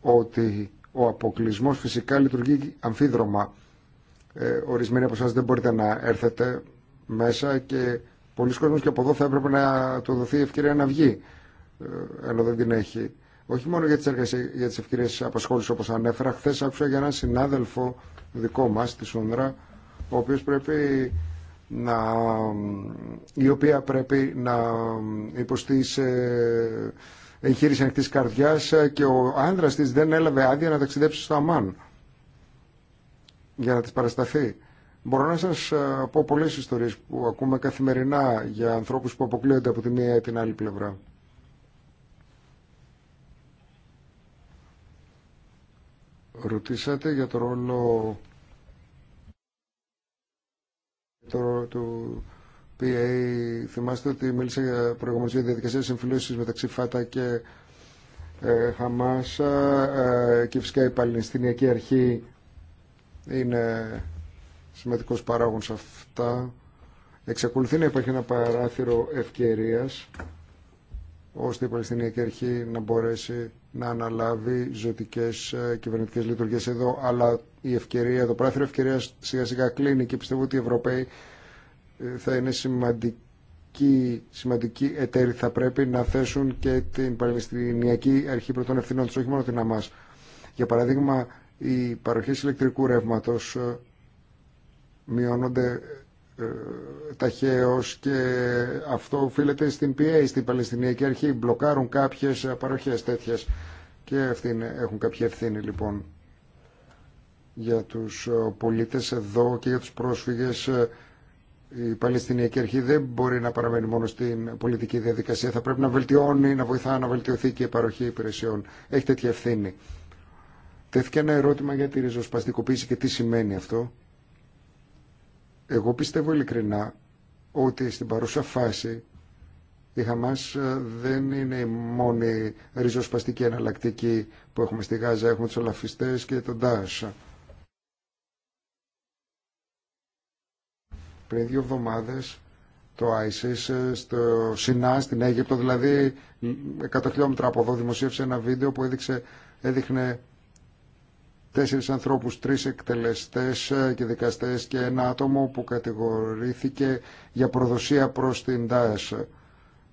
S2: ότι ο αποκλεισμό φυσικά λειτουργεί αμφίδρομα. Ε, ορισμένοι από εσά δεν μπορείτε να έρθετε μέσα και πολλοί κόσμοι και από εδώ θα έπρεπε να του δοθεί η ευκαιρία να βγει ενώ δεν την έχει. Όχι μόνο για τι για τις ευκαιρίες απασχόλησης όπως ανέφερα. Χθε άκουσα για έναν συνάδελφο δικό μα τη Σούνδρα, ο πρέπει να, η οποία πρέπει να υποστεί σε εγχείρηση ανοιχτή καρδιά και ο άνδρας τη δεν έλαβε άδεια να ταξιδέψει στο Αμάν για να τη παρασταθεί. Μπορώ να σας ε, πω πολλές ιστορίες που ακούμε καθημερινά για ανθρώπους που αποκλείονται από τη μία ή την άλλη πλευρά. Ρωτήσατε για το ρόλο το, του PA. Θυμάστε ότι μίλησα για προηγουμένως για διαδικασία συμφιλίωσης μεταξύ ΦΑΤΑ και ε, Χαμάσα ε, και φυσικά η Παλαιστινιακή Αρχή είναι σημαντικός παράγων σε αυτά. Εξακολουθεί να υπάρχει ένα παράθυρο ευκαιρίας ώστε η Παλαιστινιακή Αρχή να μπορέσει να αναλάβει ζωτικέ ε, κυβερνητικέ λειτουργίε εδώ. Αλλά η ευκαιρία, το πράθυρο ευκαιρία σιγά σιγά κλείνει και πιστεύω ότι οι Ευρωπαίοι ε, θα είναι σημαντικοί, σημαντικοί εταίροι. Θα πρέπει να θέσουν και την Παλαιστινιακή Αρχή Πρωτών Ευθυνών του, όχι μόνο την ΑΜΑΣ. Για παράδειγμα, οι παροχέ ηλεκτρικού ρεύματο ε, μειώνονται ε, ταχαίως και αυτό οφείλεται στην PA, στην Παλαιστινιακή Αρχή. Μπλοκάρουν κάποιες παροχές τέτοιες και αυτοί έχουν κάποια ευθύνη λοιπόν για τους ε, πολίτες εδώ και για τους πρόσφυγες ε, η Παλαιστινιακή Αρχή δεν μπορεί να παραμένει μόνο στην πολιτική διαδικασία. Θα πρέπει να βελτιώνει, να βοηθά να βελτιωθεί και η παροχή υπηρεσιών. Έχει τέτοια ευθύνη. Τέθηκε ένα ερώτημα για τη ριζοσπαστικοποίηση και τι σημαίνει αυτό. Εγώ πιστεύω ειλικρινά ότι στην παρούσα φάση η Χαμάς ε, δεν είναι η μόνη ριζοσπαστική εναλλακτική που έχουμε στη Γάζα. Έχουμε τους Ολαφιστές και τον Τάσα. Πριν δύο εβδομάδες το ISIS ε, στο Σινά, στην Αίγυπτο, δηλαδή 100 ε, χιλιόμετρα από εδώ δημοσίευσε ένα βίντεο που έδειξε, έδειχνε τέσσερις ανθρώπους, τρεις εκτελεστές ε, και δικαστές και ένα άτομο που κατηγορήθηκε για προδοσία προς την ΤΑΕΣ,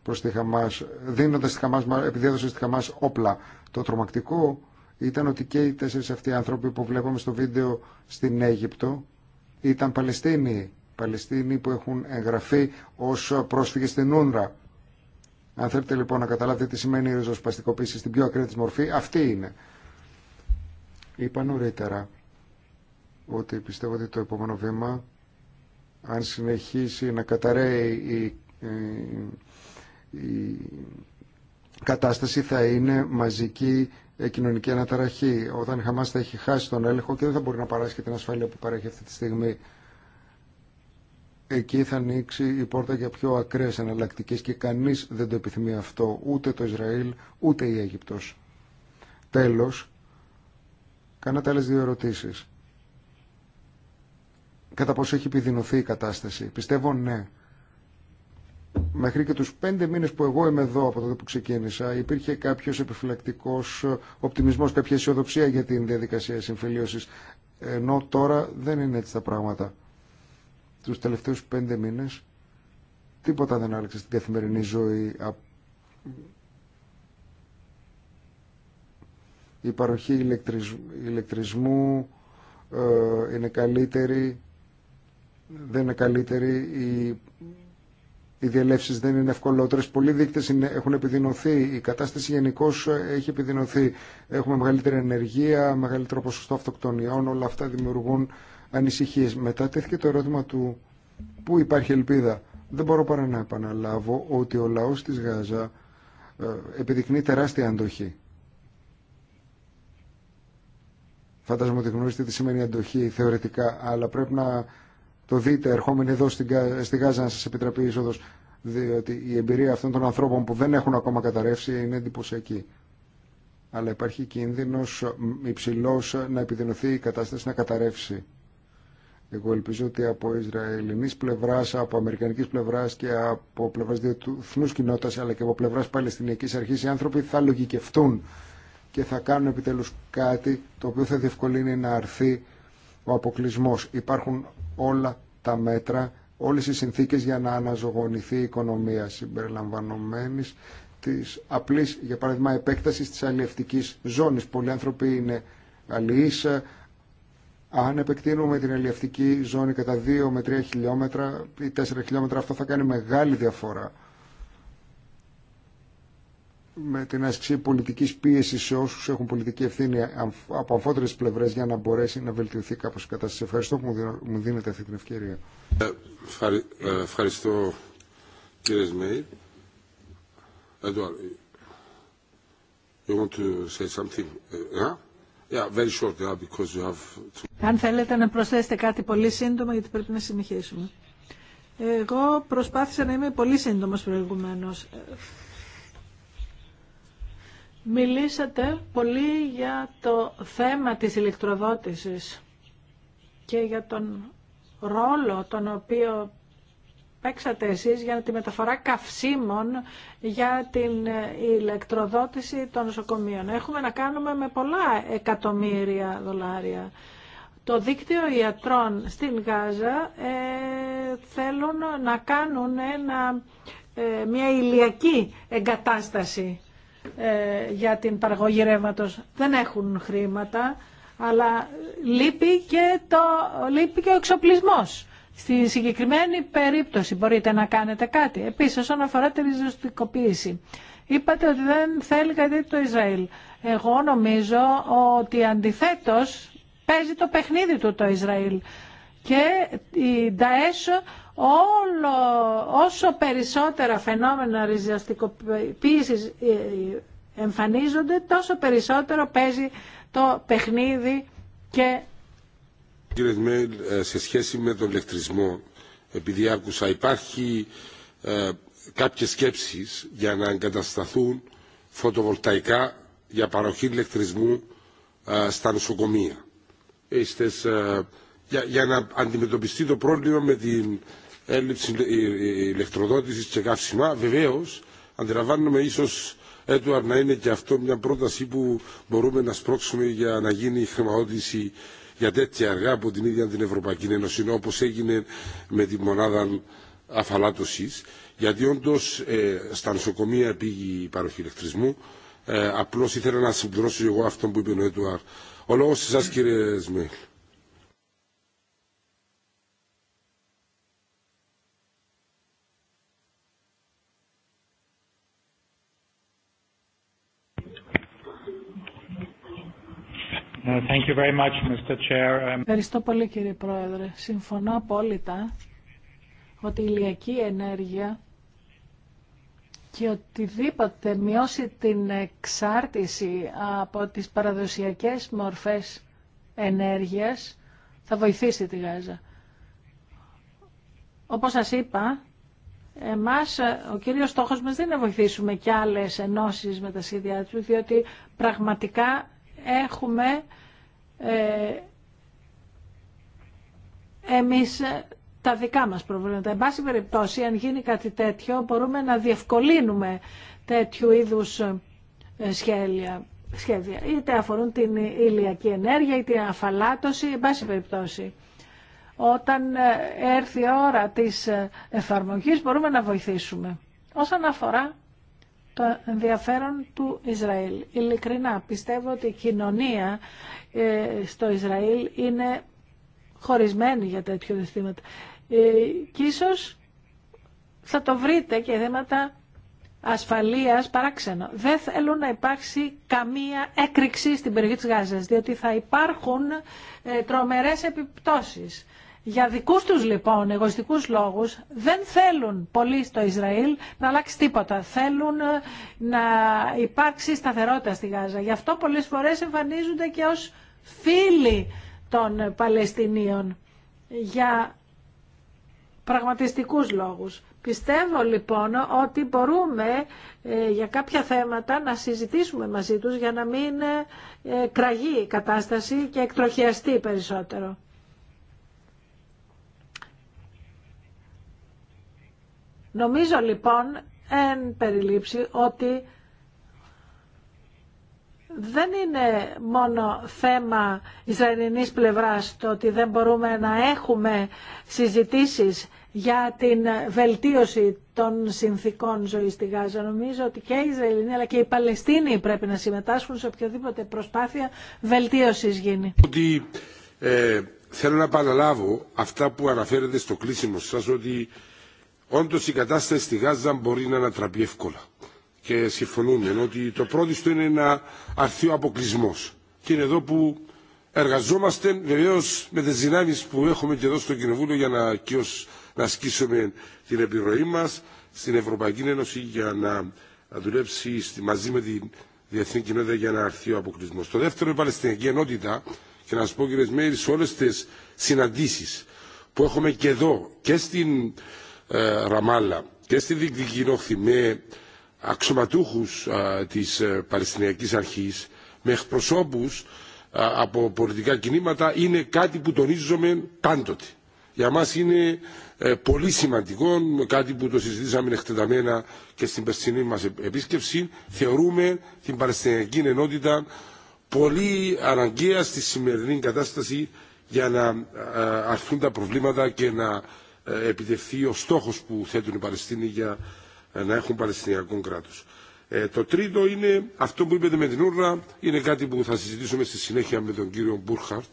S2: προς τη Χαμάς, δίνοντας τη Χαμάς, επειδή έδωσε στη Χαμάς όπλα. Το τρομακτικό ήταν ότι και οι τέσσερις αυτοί άνθρωποι που βλέπαμε στο βίντεο στην Αίγυπτο ήταν Παλαιστίνοι. Παλαιστίνοι που έχουν εγγραφεί ως πρόσφυγες στην Ούνρα. Αν θέλετε λοιπόν να καταλάβετε τι σημαίνει η ριζοσπαστικοποίηση στην πιο ακραία μορφή, αυτή είναι. Είπα νωρίτερα ότι πιστεύω ότι το επόμενο βήμα, αν συνεχίσει να καταραίει η, ε, η, κατάσταση, θα είναι μαζική κοινωνική αναταραχή. Όταν η Χαμάς θα έχει χάσει τον έλεγχο και δεν θα μπορεί να παράσχει την ασφάλεια που παρέχει αυτή τη στιγμή, εκεί θα ανοίξει η πόρτα για πιο ακραίες εναλλακτικέ και κανείς δεν το επιθυμεί αυτό, ούτε το Ισραήλ, ούτε η Αίγυπτος. Τέλος, Κάνατε άλλε δύο ερωτήσει. Κατά πόσο έχει επιδεινωθεί η κατάσταση. Πιστεύω ναι. Μέχρι και τους πέντε μήνες που εγώ είμαι εδώ από τότε που ξεκίνησα υπήρχε κάποιος επιφυλακτικός οπτιμισμός, κάποια αισιοδοξία για την διαδικασία συμφιλίωσης. Ενώ τώρα δεν είναι έτσι τα πράγματα. Τους τελευταίους πέντε μήνες τίποτα δεν άλλαξε στην καθημερινή ζωή η παροχή ηλεκτρισμού ε, είναι καλύτερη, δεν είναι καλύτερη, οι, οι δεν είναι ευκολότερες, πολλοί δείκτες έχουν επιδεινωθεί, η κατάσταση γενικώ ε, έχει επιδεινωθεί, έχουμε μεγαλύτερη ενεργεία, μεγαλύτερο ποσοστό αυτοκτονιών, όλα αυτά δημιουργούν ανησυχίες. Μετά τέθηκε το ερώτημα του πού υπάρχει ελπίδα. Δεν μπορώ παρά να επαναλάβω ότι ο λαός της Γάζα ε, επιδεικνύει τεράστια αντοχή Φαντάζομαι ότι γνωρίζετε τι σημαίνει αντοχή θεωρητικά, αλλά πρέπει να το δείτε ερχόμενοι εδώ στη Γάζα να σα επιτραπεί η είσοδο. διότι η εμπειρία αυτών των ανθρώπων που δεν έχουν ακόμα καταρρεύσει είναι εντυπωσιακή. Αλλά υπάρχει κίνδυνο υψηλό να επιδεινωθεί η κατάσταση να καταρρεύσει. Εγώ ελπίζω ότι από Ισραηλινή πλευρά, από αμερικανική πλευρά και από πλευράς διεθνού κοινότητα αλλά και από πλευρά Παλαιστινιακή αρχή, οι άνθρωποι θα λογικευτούν και θα κάνουν επιτέλους κάτι το οποίο θα διευκολύνει να αρθεί ο αποκλεισμό. Υπάρχουν όλα τα μέτρα, όλες οι συνθήκες για να αναζωογονηθεί η οικονομία συμπεριλαμβανομένης της απλής, για παράδειγμα, επέκτασης της αλλιευτικής ζώνης. Πολλοί άνθρωποι είναι αλληλείς. Αν επεκτείνουμε την αλλιευτική ζώνη κατά 2 με 3 χιλιόμετρα ή 4 χιλιόμετρα, αυτό θα κάνει μεγάλη διαφορά με την άσκηση πολιτική πίεση σε όσου έχουν πολιτική ευθύνη από αμφότερε πλευρέ για να μπορέσει να βελτιωθεί κάπω η κατάσταση. Ευχαριστώ που μου δίνετε αυτή την ευκαιρία.
S1: Ε, ε, ευχαριστώ κύριε
S3: Αν θέλετε να προσθέσετε κάτι πολύ σύντομα γιατί πρέπει να συνεχίσουμε. Εγώ προσπάθησα να είμαι πολύ σύντομος προηγουμένως. Μιλήσατε πολύ για το θέμα της ηλεκτροδότησης και για τον ρόλο τον οποίο παίξατε εσείς για τη μεταφορά καυσίμων για την ηλεκτροδότηση των νοσοκομείων. Έχουμε να κάνουμε με πολλά εκατομμύρια δολάρια. Το δίκτυο ιατρών στην Γάζα ε, θέλουν να κάνουν ένα, ε, μια ηλιακή εγκατάσταση ε, για την παραγωγή ρεύματο δεν έχουν χρήματα, αλλά λείπει και, το, λείπει και ο εξοπλισμό. Στη συγκεκριμένη περίπτωση μπορείτε να κάνετε κάτι. Επίσης, όσον αφορά τη ριζοστικοποίηση, είπατε ότι δεν θέλει κάτι το Ισραήλ. Εγώ νομίζω ότι αντιθέτως παίζει το παιχνίδι του το Ισραήλ. Και η Νταέσο όσο περισσότερα φαινόμενα ριζιαστικοποίησης ε, εμφανίζονται, τόσο περισσότερο παίζει το παιχνίδι και...
S1: Κύριε ε, σε σχέση με τον ηλεκτρισμό, επειδή άκουσα, υπάρχει ε, κάποιες σκέψεις για να εγκατασταθούν φωτοβολταϊκά για παροχή ηλεκτρισμού στα νοσοκομεία. Ε, για, για να αντιμετωπιστεί το πρόβλημα με την έλλειψη ηλεκτροδότηση και καύσιμα. βεβαίω, αντιλαμβάνομαι ίσω, Έντουαρ να είναι και αυτό μια πρόταση που μπορούμε να σπρώξουμε για να γίνει η χρηματοδότηση για τέτοια αργά από την ίδια την Ευρωπαϊκή Ένωση, όπω έγινε με τη μονάδα αφαλάτωση. Γιατί όντω ε, στα νοσοκομεία πήγε η παροχή ηλεκτρισμού. Ε, Απλώ ήθελα να συμπληρώσω εγώ αυτό που είπε ο Έντουαρ. Ο λόγο εσά, κύριε Σμέχλ.
S3: Um, Ευχαριστώ πολύ κύριε Πρόεδρε. Συμφωνώ απόλυτα ότι η ηλιακή ενέργεια και οτιδήποτε μειώσει την εξάρτηση από τις παραδοσιακές μορφές ενέργειας θα βοηθήσει τη Γάζα. Όπως σας είπα, εμάς, ο κύριος στόχος μας δεν είναι να βοηθήσουμε κι άλλες ενώσεις με τα σχέδιά του, διότι πραγματικά έχουμε ε, εμείς ε, τα δικά μας προβλήματα. Εν πάση περιπτώσει, αν γίνει κάτι τέτοιο, μπορούμε να διευκολύνουμε τέτοιου είδους ε, σχέδια. Είτε αφορούν την ηλιακή ενέργεια, είτε αφαλάτωση, εν πάση περιπτώσει. Όταν ε, έρθει η ώρα της εφαρμογής, μπορούμε να βοηθήσουμε. Όσον αφορά το ενδιαφέρον του Ισραήλ. Ειλικρινά πιστεύω ότι η κοινωνία ε, στο Ισραήλ είναι χωρισμένη για τέτοιου Ε, Και ίσως θα το βρείτε και θέματα ασφαλείας παράξενο. Δεν θέλουν να υπάρξει καμία έκρηξη στην περιοχή της Γάζας, διότι θα υπάρχουν ε, τρομερές επιπτώσεις. Για δικούς τους λοιπόν εγωιστικούς λόγους δεν θέλουν πολύ στο Ισραήλ να αλλάξει τίποτα. Θέλουν ε, να υπάρξει σταθερότητα στη Γάζα. Γι' αυτό πολλές φορές εμφανίζονται και ως φίλοι των Παλαιστινίων για πραγματιστικούς λόγους. Πιστεύω λοιπόν ότι μπορούμε ε, για κάποια θέματα να συζητήσουμε μαζί τους για να μην ε, κραγεί η κατάσταση και εκτροχιαστεί περισσότερο. Νομίζω λοιπόν εν περιλήψει ότι δεν είναι μόνο θέμα Ισραηλινής πλευράς το ότι δεν μπορούμε να έχουμε συζητήσεις για την βελτίωση των συνθήκων ζωής στη Γάζα. Νομίζω ότι και η Ισραηλινοί αλλά και οι Παλαιστίνοι πρέπει να συμμετάσχουν σε οποιαδήποτε προσπάθεια βελτίωσης γίνει.
S1: ε, θέλω να παραλάβω αυτά που αναφέρετε στο κλείσιμο σας ότι Όντω η κατάσταση στη Γάζα μπορεί να ανατραπεί εύκολα. Και συμφωνούμε ότι το πρώτο είναι ένα ο αποκλεισμό. Και είναι εδώ που εργαζόμαστε βεβαίω με τι δυνάμει που έχουμε και εδώ στο Κοινοβούλιο για να, κυρίως, να ασκήσουμε την επιρροή μα στην Ευρωπαϊκή Ένωση για να δουλέψει μαζί με τη διεθνή κοινότητα για αρθεί ο αποκλεισμό. Το δεύτερο, η Παλαιστινιακή Ενότητα, και να σα πω κύριε Μέρη, σε όλε τι συναντήσει που έχουμε και εδώ και στην ε, Ραμάλα και στη Δυτική με αξιωματούχους ε, της ε, Παλαιστινιακής Αρχής με εκπροσώπους από πολιτικά κινήματα είναι κάτι που τονίζομαι πάντοτε. Για μας είναι πολύ σημαντικό, κάτι που το συζητήσαμε εκτεταμένα και στην περσινή μας επίσκεψη, θεωρούμε την Παλαιστινιακή Ενότητα πολύ αναγκαία στη σημερινή κατάσταση για να αρθούν τα προβλήματα και να ε, επιτευχθεί ο στόχος που θέτουν οι Παλαιστίνοι για ε, να έχουν Παλαιστινιακό κράτος. Ε, το τρίτο είναι αυτό που είπατε με την ούρα, είναι κάτι που θα συζητήσουμε στη συνέχεια με τον κύριο Μπούρχαρτ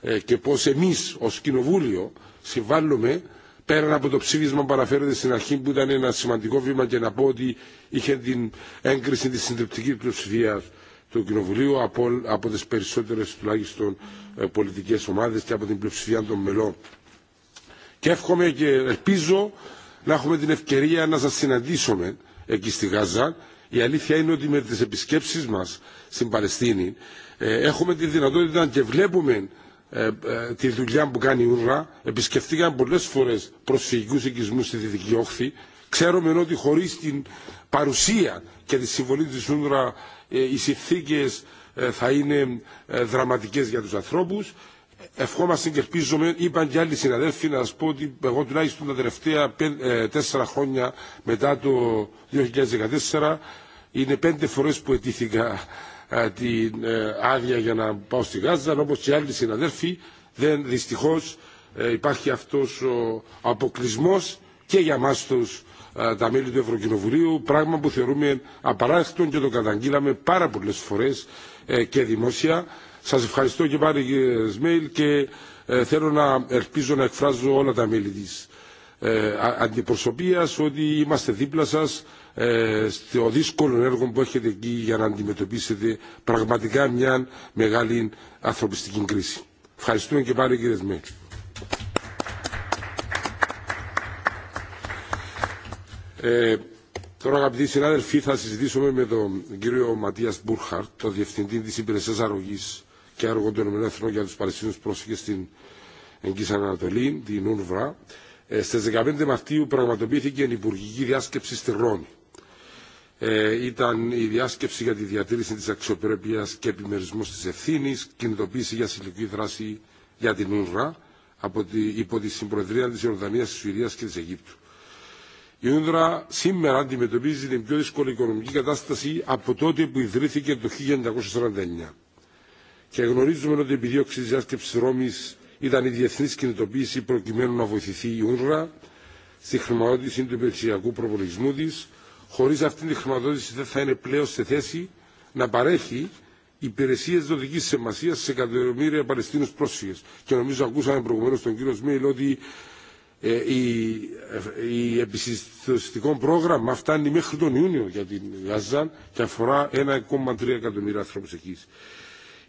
S1: ε, και πώς εμείς ως Κοινοβούλιο συμβάλλουμε πέραν από το ψήφισμα που παραφέρεται στην αρχή που ήταν ένα σημαντικό βήμα και να πω ότι είχε την έγκριση της συντριπτικής πλειοψηφία του Κοινοβουλίου από, από τις περισσότερες τουλάχιστον πολιτικές ομάδες και από την πλειοψηφία των μελών και εύχομαι και ελπίζω να έχουμε την ευκαιρία να σας συναντήσουμε εκεί στη Γάζα. Η αλήθεια είναι ότι με τις επισκέψεις μας στην Παλαιστίνη ε, έχουμε τη δυνατότητα και βλέπουμε ε, ε, τη δουλειά που κάνει η ΟΥΡΑ. Επισκεφτήκαμε πολλές φορές προσφυγικούς οικισμούς στη Δυτική Όχθη. Ξέρουμε ότι χωρίς την παρουσία και τη συμβολή της ΟΥΡΑ οι συνθήκε θα είναι δραματικές για τους ανθρώπους Ευχόμαστε και ελπίζομαι, είπαν και άλλοι συναδέλφοι, να σα πω ότι εγώ τουλάχιστον τα τελευταία ε, τέσσερα χρόνια μετά το 2014 είναι πέντε φορέ που αιτήθηκα ε, την ε, άδεια για να πάω στη Γάζα, όπω και άλλοι συναδέλφοι. Δεν δυστυχώ υπάρχει αυτό ο αποκλεισμό και για εμά τα μέλη του Ευρωκοινοβουλίου, πράγμα που θεωρούμε απαράδεκτο και το καταγγείλαμε πάρα πολλέ φορέ και δημόσια. Σας ευχαριστώ και πάλι κύριε Σμέιλ και ε, θέλω να ελπίζω να εκφράζω όλα τα μέλη της ε, αντιπροσωπείας ότι είμαστε δίπλα σας ε, στο δύσκολο έργο που έχετε εκεί για να αντιμετωπίσετε πραγματικά μια μεγάλη ανθρωπιστική κρίση. Ευχαριστούμε και πάλι κύριε Σμέιλ. Ε, τώρα, αγαπητοί συνάδελφοι, θα συζητήσουμε με τον κύριο Ματία Μπούρχαρτ, τον Διευθυντή τη Υπηρεσία Αρρωγή και έργο των ΗΕ για του Παλαιστινίου πρόσφυγε στην Εγγύη Ανατολή, την Ούρβρα. Ε, Στι 15 Μαρτίου πραγματοποιήθηκε η Υπουργική Διάσκεψη στη Ρώμη. Ε, ήταν η διάσκεψη για τη διατήρηση τη αξιοπρέπεια και επιμερισμό τη ευθύνη, κινητοποίηση για συλλογική δράση για την Ούρβρα από τη, υπό τη συμπροεδρία τη Ιορδανία, τη Σουηδία και τη Αιγύπτου. Η Ούνδρα σήμερα αντιμετωπίζει την πιο δύσκολη οικονομική κατάσταση από τότε που ιδρύθηκε το 1949 και γνωρίζουμε ότι η επιδίωξη τη της Ρώμης ήταν η διεθνής κινητοποίηση προκειμένου να βοηθηθεί η Ούνρα στη χρηματοδότηση του υπηρεσιακού προπολογισμού τη. Χωρί αυτή τη χρηματοδότηση δεν θα είναι πλέον σε θέση να παρέχει υπηρεσίε δοτική σημασία σε εκατομμύρια Παλαιστίνους πρόσφυγες Και νομίζω ακούσαμε προηγουμένω τον κύριο Σμίλ ότι ε, η, ε, η επισυστοστικό πρόγραμμα φτάνει μέχρι τον Ιούνιο για την Γάζα και αφορά 1,3 εκατομμύρια ανθρώπου εκεί.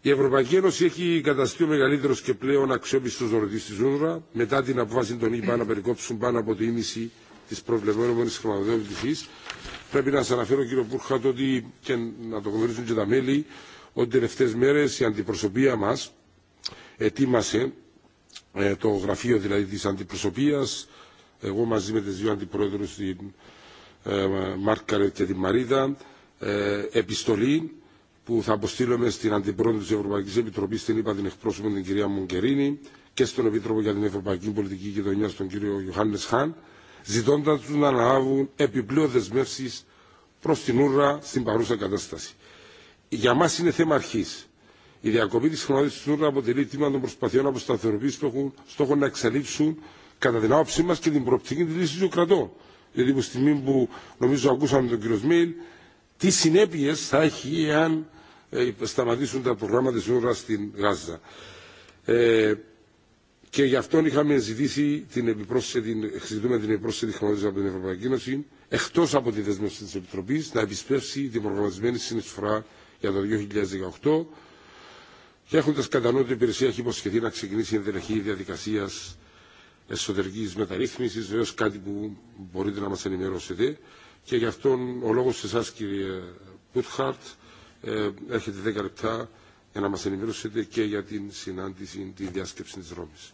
S1: Η Ευρωπαϊκή Ένωση έχει καταστεί ο μεγαλύτερο και πλέον αξιόπιστο δωρητή τη Ούνδρα μετά την απόφαση των ΙΠΑ να περικόψουν πάνω από το ίμιση τη προβλεπόμενη χρηματοδότηση. Πρέπει να σα αναφέρω, κύριο Πούρχατ, ότι και να το γνωρίζουν και τα μέλη, ότι τελευταίε μέρε η αντιπροσωπεία μα ετοίμασε ε, το γραφείο δηλαδή τη αντιπροσωπεία, εγώ μαζί με τι δύο αντιπρόεδρου, την ε, Μάρκαρετ και την Μαρίδα, ε, επιστολή που θα αποστείλουμε στην Αντιπρόεδρο τη Ευρωπαϊκή Επιτροπή, την είπα την εκπρόσωπο την κυρία Μονκερίνη και στον Επίτροπο για την Ευρωπαϊκή Πολιτική Κοινωνία τον κύριο Ιωάννη Χάν, ζητώντα του να αναλάβουν επιπλέον δεσμεύσει προ την ούρα στην παρούσα κατάσταση. Για μα είναι θέμα αρχή. Η διακοπή τη χρονοδότηση τη ούρα αποτελεί τίμα των προσπαθειών αποσταθεροποίηση που έχουν στόχο να εξαλείψουν κατά την άποψή μα και την προοπτική τη του κρατών. Δηλαδή, που στιγμή που νομίζω ακούσαμε τον κύριο Σμίλ, τι συνέπειε θα έχει εάν ε, σταματήσουν τα προγράμματα σύνορα στην Γάζα. Ε, και γι' αυτό είχαμε ζητήσει την επιπρόσθετη, ζητούμε την επιπρόσθετη χρηματοδότηση από την Ευρωπαϊκή Ένωση, εκτό από τη δεσμεύση τη Επιτροπή, να επισπεύσει την προγραμματισμένη συνεισφορά για το 2018 και έχοντα κατά νου ότι η υπηρεσία έχει υποσχεθεί να ξεκινήσει η ενδελεχή διαδικασία εσωτερική μεταρρύθμιση, βεβαίω κάτι που μπορείτε να μα ενημερώσετε. Και γι' αυτόν ο λόγο σε εσά, κύριε Πούτχαρτ, ε, έχετε 10 λεπτά για να μας ενημερώσετε και για την συνάντηση, τη διάσκεψη της Ρώμης.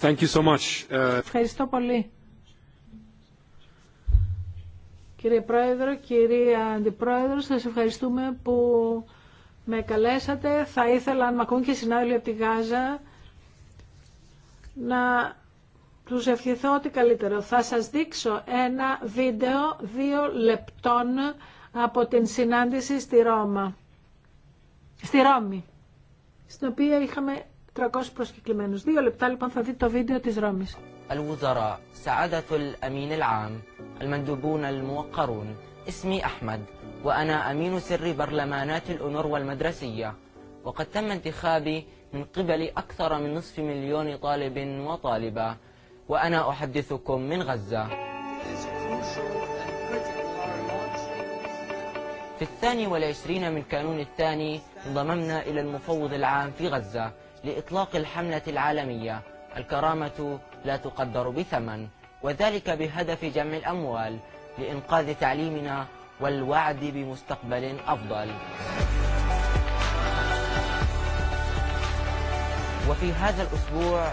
S1: Thank you so much. Ε,
S3: Ευχαριστώ πολύ. Κύριε Πρόεδρο, κύριε Αντιπρόεδρο, σας ευχαριστούμε που με καλέσατε. Θα ήθελα, αν με ακούν και συνάδελφοι από τη Γάζα, να τους ευχηθώ ότι καλύτερο. Θα σας δείξω ένα βίντεο δύο λεπτών από την συνάντηση στη Ρώμα. Στη Ρώμη, στην οποία είχαμε 300 προσκεκλημένους. Δύο λεπτά λοιπόν θα δείτε το βίντεο της Ρώμης.
S4: الوزراء سعادة الأمين العام المندوبون الموقرون اسمي أحمد وأنا أمين سر برلمانات الأنور والمدرسية وقد تم انتخابي من قبل أكثر من نصف مليون طالب وطالبة وأنا أحدثكم من غزة في الثاني والعشرين من كانون الثاني انضممنا إلى المفوض العام في غزة لإطلاق الحملة العالمية الكرامة لا تقدر بثمن وذلك بهدف جمع الأموال لإنقاذ تعليمنا والوعد بمستقبل أفضل وفي هذا الأسبوع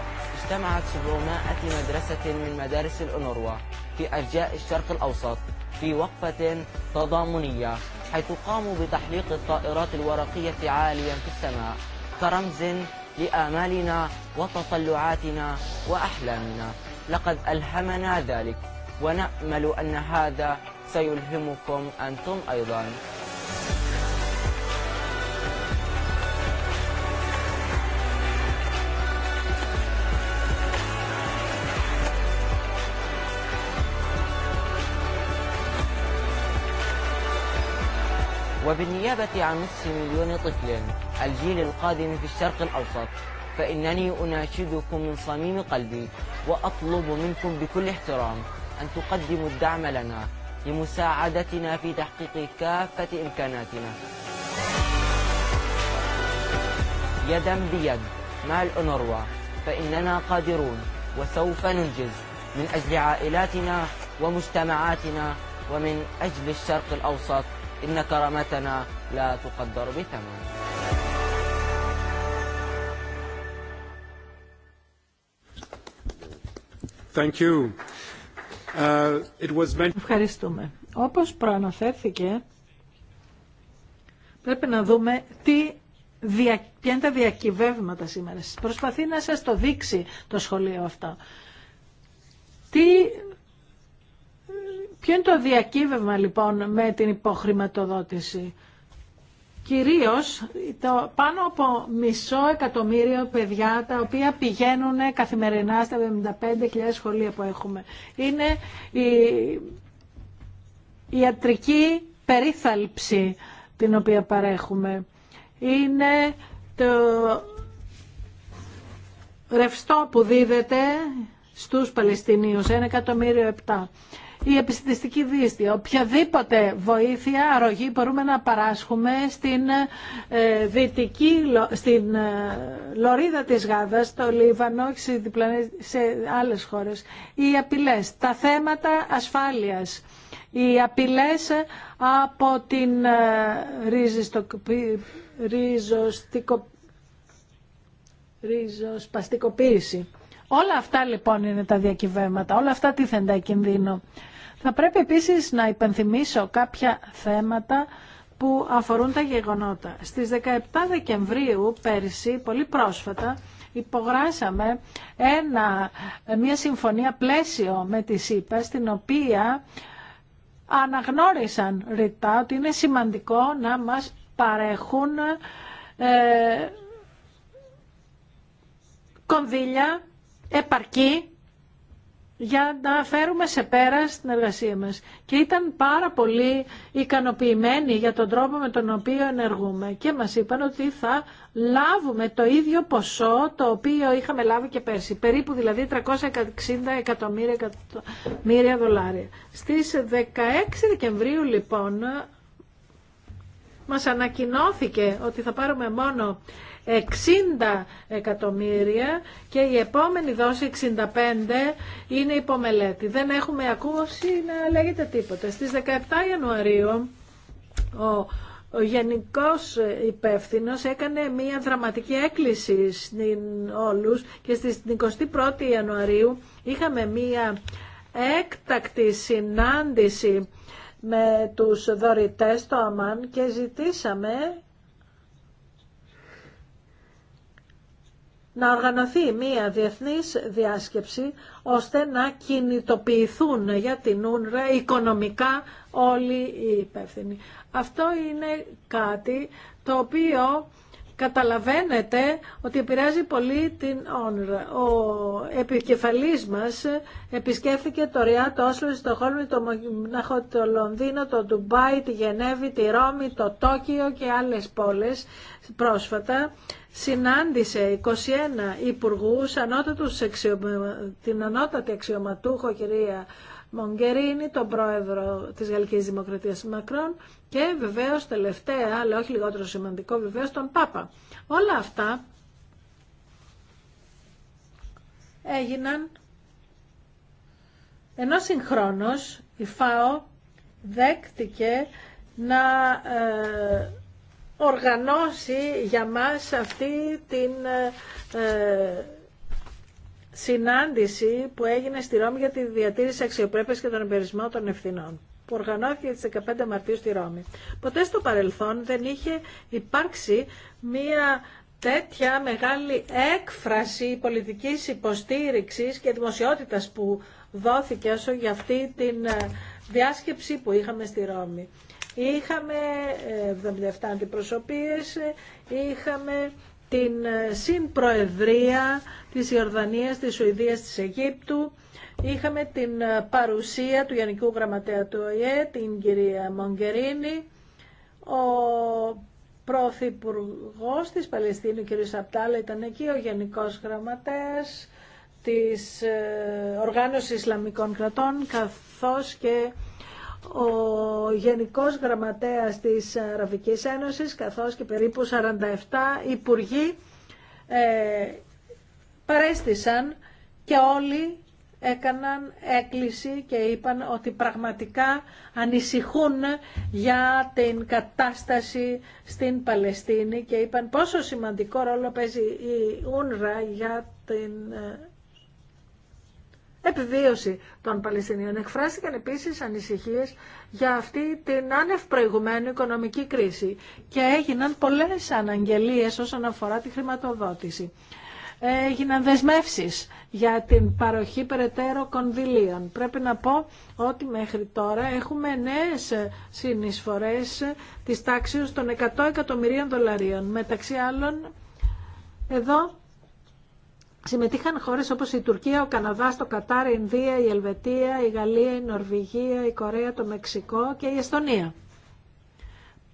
S4: اجتمعت 700 مدرسة من مدارس الأنوروا في أرجاء الشرق الأوسط في وقفة تضامنية حيث قاموا بتحليق الطائرات الورقية عاليا في السماء كرمز لآمالنا وتطلعاتنا وأحلامنا لقد ألهمنا ذلك ونأمل أن هذا سيلهمكم أنتم أيضا وبالنيابة عن نصف مليون طفل الجيل القادم في الشرق الأوسط فإنني أناشدكم من صميم قلبي وأطلب منكم بكل احترام أن تقدموا الدعم لنا لمساعدتنا في تحقيق كافة إمكاناتنا يدا بيد مع الأنروا فإننا قادرون وسوف ننجز من أجل عائلاتنا ومجتمعاتنا ومن أجل الشرق الأوسط إن كرامتنا لا تقدر بثمن
S3: Thank you. Uh, it Ευχαριστούμε. Όπως προαναφέρθηκε, πρέπει να δούμε τι ποια είναι τα διακυβεύματα σήμερα. Προσπαθεί να σας το δείξει το σχολείο αυτό. Τι Ποιο είναι το διακύβευμα λοιπόν με την υποχρηματοδότηση. Κυρίως το πάνω από μισό εκατομμύριο παιδιά τα οποία πηγαίνουν καθημερινά στα 75.000 σχολεία που έχουμε. Είναι η ιατρική περίθαλψη την οποία παρέχουμε. Είναι το ρευστό που δίδεται στους Παλαιστινίους, 1 εκατομμύριο επτά η επιστημιστική δίστη Οποιαδήποτε βοήθεια, αρρωγή μπορούμε να παράσχουμε στην ε, δυτική, στην ε, λωρίδα της Γάδας, στο Λίβανο, σε άλλες χώρες. Οι απειλές, τα θέματα ασφάλειας, οι απειλές από την ε, ριζοστικο... ριζοσπαστικοποίηση. Όλα αυτά λοιπόν είναι τα διακυβέρματα, όλα αυτά τι τίθενται κινδύνο. Θα πρέπει επίσης να υπενθυμίσω κάποια θέματα που αφορούν τα γεγονότα. Στις 17 Δεκεμβρίου πέρσι, πολύ πρόσφατα, υπογράσαμε ένα, μια συμφωνία πλαίσιο με τη ΣΥΠΑ, στην οποία αναγνώρισαν ρητά ότι είναι σημαντικό να μας παρέχουν ε, κονδύλια επαρκή για να φέρουμε σε πέρα στην εργασία μας. Και ήταν πάρα πολύ ικανοποιημένοι για τον τρόπο με τον οποίο ενεργούμε. Και μας είπαν ότι θα λάβουμε το ίδιο ποσό το οποίο είχαμε λάβει και πέρσι. Περίπου δηλαδή 360 εκατομμύρια, εκατομμύρια δολάρια. Στις 16 Δεκεμβρίου λοιπόν μας ανακοινώθηκε ότι θα πάρουμε μόνο 60 εκατομμύρια και η επόμενη δόση 65 είναι υπομελέτη. Δεν έχουμε ακούσει να λέγεται τίποτα. Στις 17 Ιανουαρίου ο ο Γενικός Υπεύθυνος έκανε μια δραματική έκκληση στην όλους και στις 21 Ιανουαρίου είχαμε μια έκτακτη συνάντηση με τους δωρητές στο ΑΜΑΝ και ζητήσαμε να οργανωθεί μία διεθνής διάσκεψη ώστε να κινητοποιηθούν για την ούνρα οικονομικά όλοι οι υπεύθυνοι. Αυτό είναι κάτι το οποίο καταλαβαίνετε ότι επηρεάζει πολύ την όνρα. Ο επικεφαλής μας επισκέφθηκε το Ριά, το Όσλο, το Χόλμη, το Μονάχο, το Λονδίνο, το Ντουμπάι, τη Γενέβη, τη Ρώμη, το Τόκιο και άλλες πόλες πρόσφατα συνάντησε 21 υπουργούς, την ανώτατη αξιωματούχο κυρία Μογκερίνη, τον πρόεδρο της Γαλλικής Δημοκρατίας Μακρόν και βεβαίως τελευταία, αλλά όχι λιγότερο σημαντικό βεβαίως, τον Πάπα. Όλα αυτά έγιναν ενώ συγχρόνως η ΦΑΟ δέκτηκε να ε, οργανώσει για μας αυτή την ε, συνάντηση που έγινε στη Ρώμη για τη διατήρηση αξιοπρέπειας και τον εμπερισμό των ευθυνών που οργανώθηκε τις 15 Μαρτίου στη Ρώμη. Ποτέ στο παρελθόν δεν είχε υπάρξει μία τέτοια μεγάλη έκφραση πολιτικής υποστήριξης και δημοσιότητας που δόθηκε όσο για αυτή την ε, διάσκεψη που είχαμε στη Ρώμη. Είχαμε 77 ε, αντιπροσωπείες, ε, είχαμε την ε, συμπροεδρία της Ιορδανίας, της Σουηδίας, της Αιγύπτου. Είχαμε την παρουσία του Γενικού Γραμματέα του ΟΗΕ, την κυρία Μογκερίνη, ο Πρωθυπουργό της Παλαιστίνης, ο κ. Σαπτάλα, ήταν εκεί, ο Γενικός Γραμματέας της Οργάνωσης Ισλαμικών Κρατών, καθώς και ο Γενικός Γραμματέας της Αραβικής Ένωσης καθώς και περίπου 47 υπουργοί ε, παρέστησαν και όλοι έκαναν έκκληση και είπαν ότι πραγματικά ανησυχούν για την κατάσταση στην Παλαιστίνη και είπαν πόσο σημαντικό ρόλο παίζει η Ούνρα για την ε, επιβίωση των Παλαιστινίων. Εκφράστηκαν επίσης ανησυχίες για αυτή την άνευ προηγουμένου οικονομική κρίση και έγιναν πολλές αναγγελίες όσον αφορά τη χρηματοδότηση. Έγιναν δεσμεύσεις για την παροχή περαιτέρω κονδυλίων. Πρέπει να πω ότι μέχρι τώρα έχουμε νέες συνεισφορές της τάξης των 100 εκατομμυρίων δολαρίων. Μεταξύ άλλων, εδώ συμμετείχαν χώρες όπως η Τουρκία, ο Καναδάς, το Κατάρ, η Ινδία, η Ελβετία, η Γαλλία, η Νορβηγία, η Κορέα, το Μεξικό και η Εστονία.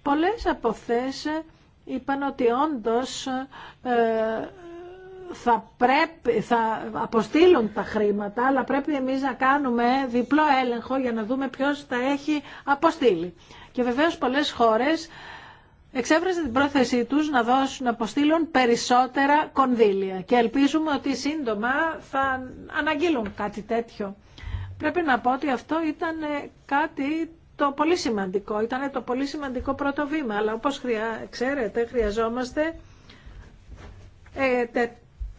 S3: Πολλές αυτές είπαν ότι όντως ε, θα, πρέπει, θα αποστείλουν τα χρήματα, αλλά πρέπει εμείς να κάνουμε διπλό έλεγχο για να δούμε ποιος τα έχει αποστείλει. Και βεβαίως πολλές χώρες εξέφρασε την πρόθεσή τους να, δώσουν, να αποστείλουν περισσότερα κονδύλια και ελπίζουμε ότι σύντομα θα αναγγείλουν κάτι τέτοιο. Πρέπει να πω ότι αυτό ήταν ε, κάτι το πολύ σημαντικό, ήταν το πολύ σημαντικό πρώτο βήμα, αλλά όπως χρειά, ξέρετε χρειαζόμαστε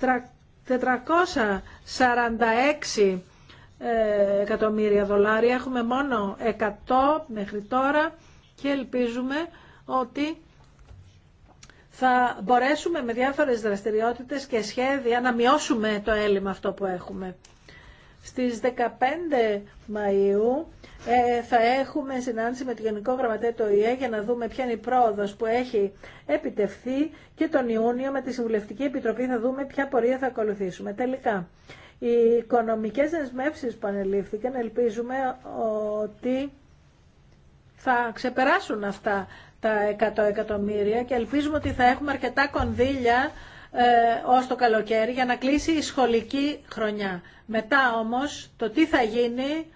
S3: 446 ε, ε, εκατομμύρια δολάρια, έχουμε μόνο 100 μέχρι τώρα και ελπίζουμε ότι θα μπορέσουμε με διάφορες δραστηριότητες και σχέδια να μειώσουμε το έλλειμμα αυτό που έχουμε. Στις 15 Μαΐου ε, θα έχουμε συνάντηση με το Γενικό Γραμματέα του ΟΗΕ για να δούμε ποια είναι η πρόοδος που έχει επιτευχθεί και τον Ιούνιο με τη Συμβουλευτική Επιτροπή θα δούμε ποια πορεία θα ακολουθήσουμε. Τελικά, οι οικονομικές δεσμεύσει που ανελήφθηκαν ελπίζουμε ότι θα ξεπεράσουν αυτά τα 100 εκατομμύρια και ελπίζουμε ότι θα έχουμε αρκετά κονδύλια ε, ως το καλοκαίρι για να κλείσει η σχολική χρονιά. Μετά όμως το τι θα γίνει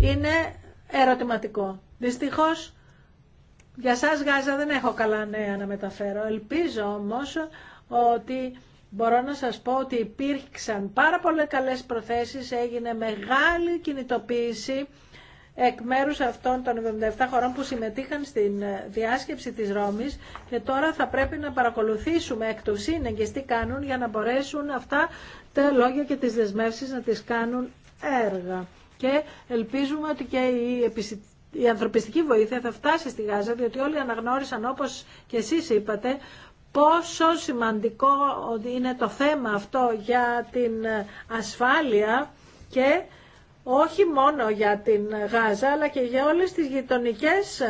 S3: είναι ερωτηματικό. Δυστυχώς για σας Γάζα δεν έχω καλά νέα να μεταφέρω. Ελπίζω όμως ότι μπορώ να σας πω ότι υπήρξαν πάρα πολλές καλές προθέσεις, έγινε μεγάλη κινητοποίηση εκ μέρους αυτών των 77 χωρών που συμμετείχαν στην ε, διάσκεψη της Ρώμης και τώρα θα πρέπει να παρακολουθήσουμε εκ του σύνεγγες τι κάνουν για να μπορέσουν αυτά τα λόγια και τις δεσμεύσεις να τις κάνουν έργα. Και ελπίζουμε ότι και η ανθρωπιστική βοήθεια θα φτάσει στη Γάζα, διότι όλοι αναγνώρισαν, όπως και εσείς είπατε, πόσο σημαντικό είναι το θέμα αυτό για την ε, ασφάλεια και όχι μόνο για την Γάζα αλλά και για όλες τις γειτονικές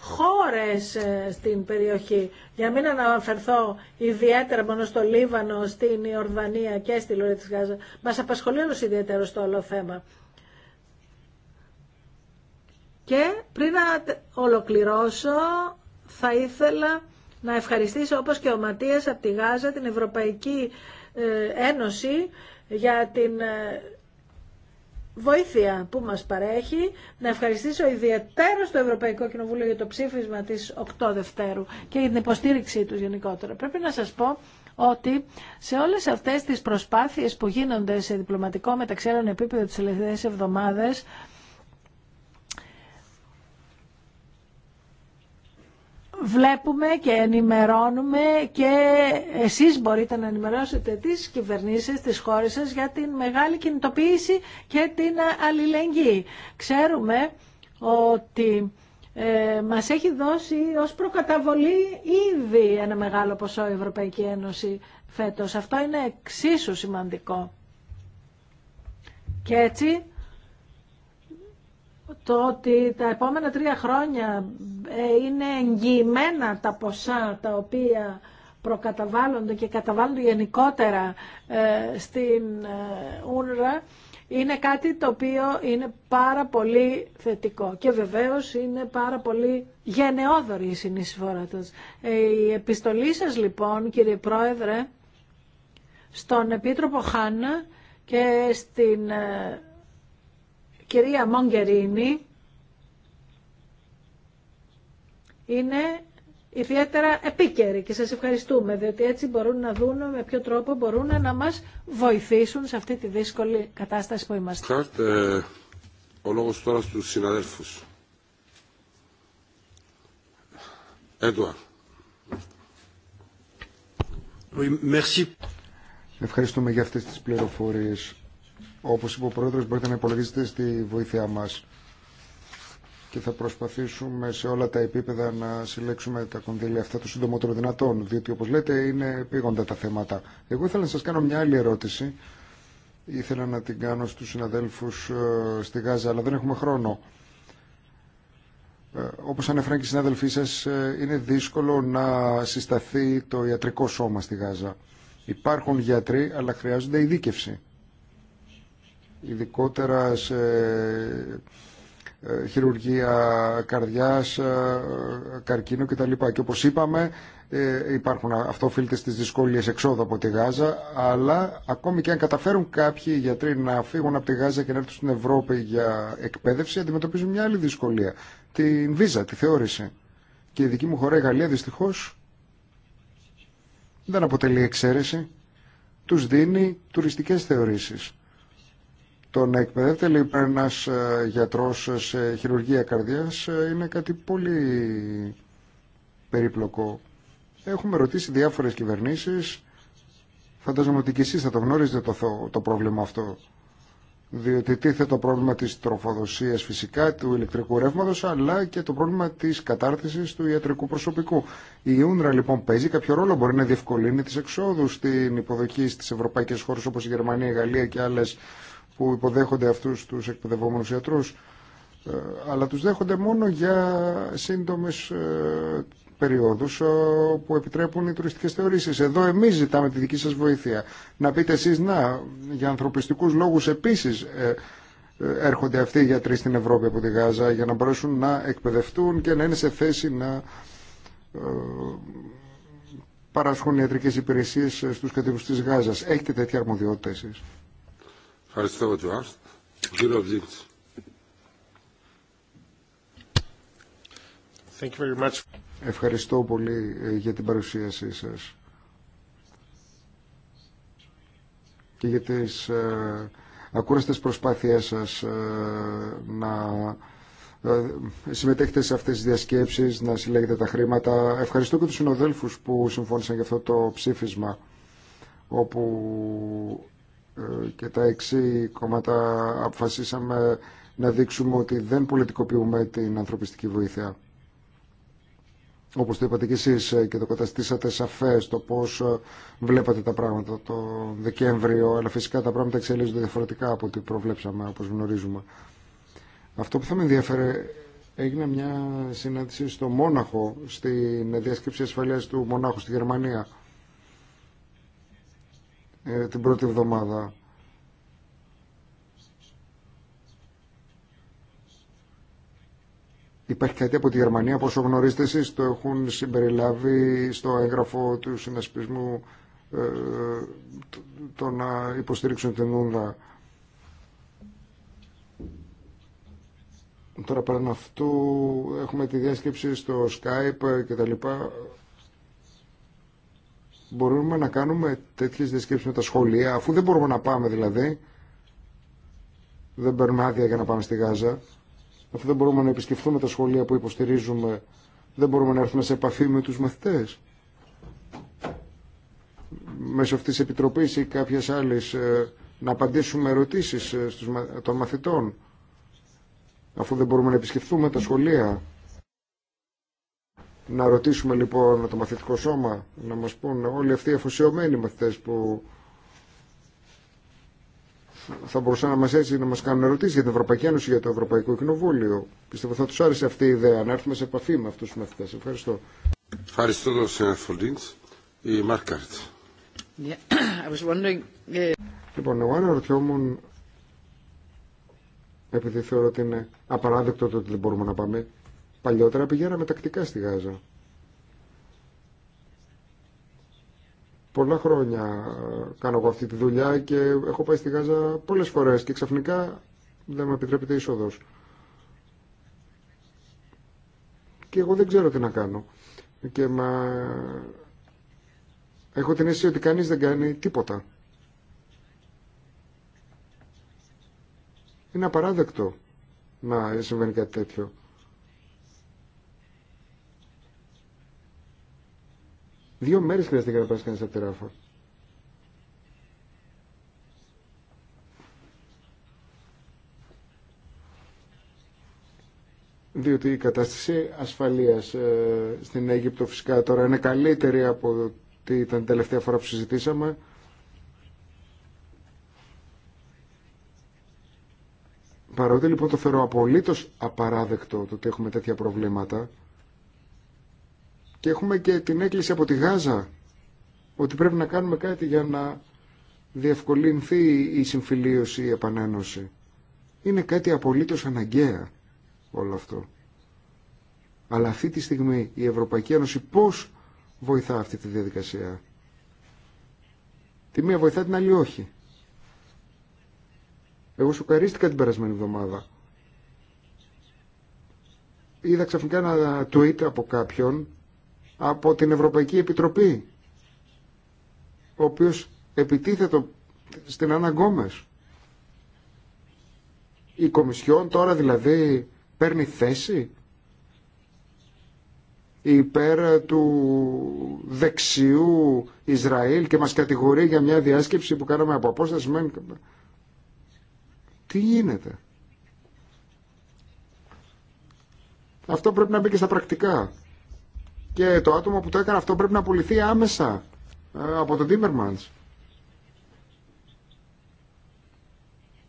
S3: χώρες ε, στην περιοχή. Για μην αναφερθώ ιδιαίτερα μόνο στο Λίβανο, στην Ιορδανία και στη Λόρια της Γάζα. Μας απασχολεί όλους ιδιαίτερο στο όλο θέμα. Και πριν να ολοκληρώσω θα ήθελα να ευχαριστήσω όπως και ο Ματίας από τη Γάζα την Ευρωπαϊκή ε, Ένωση για την ε, βοήθεια που μας παρέχει. Να ευχαριστήσω ιδιαίτερα στο Ευρωπαϊκό Κοινοβούλιο για το ψήφισμα της 8 Δευτέρου και για την υποστήριξή του γενικότερα. Πρέπει να σας πω ότι σε όλες αυτές τις προσπάθειες που γίνονται σε διπλωματικό μεταξύ άλλων επίπεδο τις τελευταίες εβδομάδες, βλέπουμε και ενημερώνουμε και εσείς μπορείτε να ενημερώσετε τις κυβερνήσεις της χώρας σας για την μεγάλη κινητοποίηση και την αλληλεγγύη. Ξέρουμε ότι ε, μας έχει δώσει ως προκαταβολή ήδη ένα μεγάλο ποσό η Ευρωπαϊκή Ένωση φέτος. Αυτό είναι εξίσου σημαντικό. Και έτσι το ότι τα επόμενα τρία χρόνια ε, είναι εγγυημένα τα ποσά τα οποία προκαταβάλλονται και καταβάλλονται γενικότερα ε, στην ε, ούνρα είναι κάτι το οποίο είναι πάρα πολύ θετικό και βεβαίως είναι πάρα πολύ γενναιόδορη η συνεισφορά τους. Η επιστολή σας λοιπόν κύριε Πρόεδρε στον Επίτροπο Χάνα και στην κυρία Μογκερίνη είναι ιδιαίτερα επίκαιρη και σας ευχαριστούμε διότι έτσι μπορούν να δουν με ποιο τρόπο μπορούν να μας βοηθήσουν σε αυτή τη δύσκολη κατάσταση που είμαστε.
S1: Ε, ο λόγος τώρα στους συναδέλφους.
S2: Ευχαριστούμε για αυτές τις πληροφορίες. Όπως είπε ο Πρόεδρος, μπορείτε να υπολογίσετε στη βοήθειά μας και θα προσπαθήσουμε σε όλα τα επίπεδα να συλλέξουμε τα κονδύλια αυτά το συντομότερο δυνατόν, διότι όπως λέτε είναι πήγοντα τα θέματα. Εγώ ήθελα να σας κάνω μια άλλη ερώτηση, ήθελα να την κάνω στους συναδέλφους ε, στη Γάζα, αλλά δεν έχουμε χρόνο. Ε, όπως ανέφεραν και οι συνάδελφοί σας, ε, είναι δύσκολο να συσταθεί το ιατρικό σώμα στη Γάζα. Υπάρχουν γιατροί, αλλά χρειάζονται ειδίκευση ειδικότερα σε ε, χειρουργία καρδιάς, ε, καρκίνο κτλ. Και όπως είπαμε ε, υπάρχουν, αυτό οφείλεται στις δυσκολίες εξόδου από τη Γάζα, αλλά ακόμη και αν καταφέρουν κάποιοι γιατροί να φύγουν από τη Γάζα και να έρθουν στην Ευρώπη για εκπαίδευση, αντιμετωπίζουν μια άλλη δυσκολία, την βίζα, τη θεώρηση. Και η δική μου χώρα, η Γαλλία, δυστυχώς δεν αποτελεί εξαίρεση, τους δίνει τουριστικές θεωρήσεις το να εκπαιδεύεται λοιπόν ένα ε, γιατρό σε χειρουργία καρδιά ε, είναι κάτι πολύ περίπλοκο. Έχουμε ρωτήσει διάφορε κυβερνήσει. Φαντάζομαι ότι και εσεί θα το γνώριζετε το, το πρόβλημα αυτό. Διότι τίθε το πρόβλημα της τροφοδοσίας φυσικά, του ηλεκτρικού ρεύματο, αλλά και το πρόβλημα της κατάρτισης του ιατρικού προσωπικού. Η UNRWA λοιπόν παίζει κάποιο ρόλο, μπορεί να διευκολύνει τις εξόδους στην υποδοχή στις ευρωπαϊκές χώρες όπως η Γερμανία, η Γαλλία και άλλες που υποδέχονται αυτούς τους εκπαιδευόμενους ιατρούς, ε, αλλά τους δέχονται μόνο για σύντομες ε, περιόδους ε, που επιτρέπουν οι τουριστικές θεωρήσεις. Εδώ εμείς ζητάμε τη δική σας βοήθεια. Να πείτε εσείς, να, για ανθρωπιστικούς λόγους επίσης έρχονται αυτοί οι γιατροί στην Ευρώπη από τη Γάζα για να μπορέσουν να εκπαιδευτούν και να είναι σε θέση να παρασχούν ιατρικές υπηρεσίες στους κατοίκους της Γάζας. Έχετε τέτοια αρμοδιότητα Ευχαριστώ, Ευχαριστώ πολύ ε, για την παρουσίασή σας και για τις ε, ακούραστες προσπάθειές σας ε, να συμμετέχετε σε αυτές τις διασκέψεις, να συλλέγετε τα χρήματα. Ευχαριστώ και τους συνοδέλφους που συμφώνησαν για αυτό το ψήφισμα όπου ε, και τα έξι κόμματα αποφασίσαμε να δείξουμε ότι δεν πολιτικοποιούμε την ανθρωπιστική βοήθεια. Όπως το είπατε και εσείς ε, και το καταστήσατε σαφές το πώς ε, βλέπατε τα πράγματα το Δεκέμβριο, αλλά φυσικά τα πράγματα εξελίσσονται διαφορετικά από ό,τι προβλέψαμε, όπως γνωρίζουμε. Αυτό που θα με ενδιαφέρε έγινε μια συνάντηση στο Μόναχο, στην διάσκεψη ασφαλείας του Μονάχου στη Γερμανία ε, την πρώτη εβδομάδα. Υπάρχει κάτι από τη Γερμανία, όπως γνωρίζετε εσείς, το έχουν συμπεριλάβει στο έγγραφο του συνασπισμού ε, το, να υποστηρίξουν την ούνδα Τώρα πέραν αυτού έχουμε τη διάσκεψη στο Skype και τα λοιπά μπορούμε να κάνουμε τέτοιε διασκέψει με τα σχολεία, αφού δεν μπορούμε να πάμε δηλαδή, δεν παίρνουμε άδεια για να πάμε στη Γάζα, αφού δεν μπορούμε να επισκεφθούμε τα σχολεία που υποστηρίζουμε, δεν μπορούμε να έρθουμε σε επαφή με τους μαθητές. Μέσω αυτή τη επιτροπή ή κάποιες άλλες ε, να απαντήσουμε ερωτήσεις ε, των μαθητών, αφού δεν μπορούμε να επισκεφθούμε τα σχολεία. Να ρωτήσουμε λοιπόν το μαθητικό σώμα, να μας πούν όλοι αυτοί οι αφοσιωμένοι μαθητές που θα μπορούσαν να μας έτσι να μας κάνουν ερωτήσεις για την Ευρωπαϊκή Ένωση, για το Ευρωπαϊκό Κοινοβούλιο. Πιστεύω θα τους άρεσε αυτή η ιδέα, να έρθουμε
S1: σε επαφή με αυτούς τους μαθητές. Ευχαριστώ. Ευχαριστώ τον συνάδελφο Η Μάρκαρτ.
S3: [coughs]
S2: Λοιπόν, εγώ αναρωτιόμουν, επειδή θεωρώ ότι είναι απαράδεκτο το ότι δεν μπορούμε να πάμε Παλιότερα πηγαίναμε τακτικά στη Γάζα. Πολλά χρόνια κάνω εγώ αυτή τη δουλειά και έχω πάει στη Γάζα πολλές φορές και ξαφνικά δεν με επιτρέπεται είσοδος. Και εγώ δεν ξέρω τι να κάνω. Και μα... Έχω την αίσθηση ότι κανείς δεν κάνει τίποτα. Είναι απαράδεκτο να συμβαίνει κάτι τέτοιο. Δύο μέρε χρειάζεται για να πάρει κανεί από τη Ράφα. διότι η κατάσταση ασφαλείας ε, στην Αίγυπτο φυσικά τώρα είναι καλύτερη από ό,τι ήταν τελευταία φορά που συζητήσαμε. Παρότι λοιπόν το θεωρώ απολύτως απαράδεκτο το ότι έχουμε τέτοια προβλήματα, και έχουμε και την έκκληση από τη Γάζα ότι πρέπει να κάνουμε κάτι για να διευκολυνθεί η συμφιλίωση, η επανένωση. Είναι κάτι απολύτως αναγκαία όλο αυτό. Αλλά αυτή τη στιγμή η Ευρωπαϊκή Ένωση πώς βοηθά αυτή τη διαδικασία. Τη μία βοηθά την άλλη όχι. Εγώ σοκαρίστηκα την περασμένη εβδομάδα. Είδα ξαφνικά ένα tweet από κάποιον από την Ευρωπαϊκή Επιτροπή, ο οποίος επιτίθετο στην Αναγκόμες. Η Κομισιόν τώρα δηλαδή παίρνει θέση υπέρ του δεξιού Ισραήλ και μας κατηγορεί για μια διάσκεψη που κάναμε από απόσταση. Τι γίνεται. Αυτό πρέπει να μπει και στα πρακτικά. Και το άτομο που το έκανε αυτό πρέπει να πουληθεί άμεσα ε, από τον Τίμερμαντς.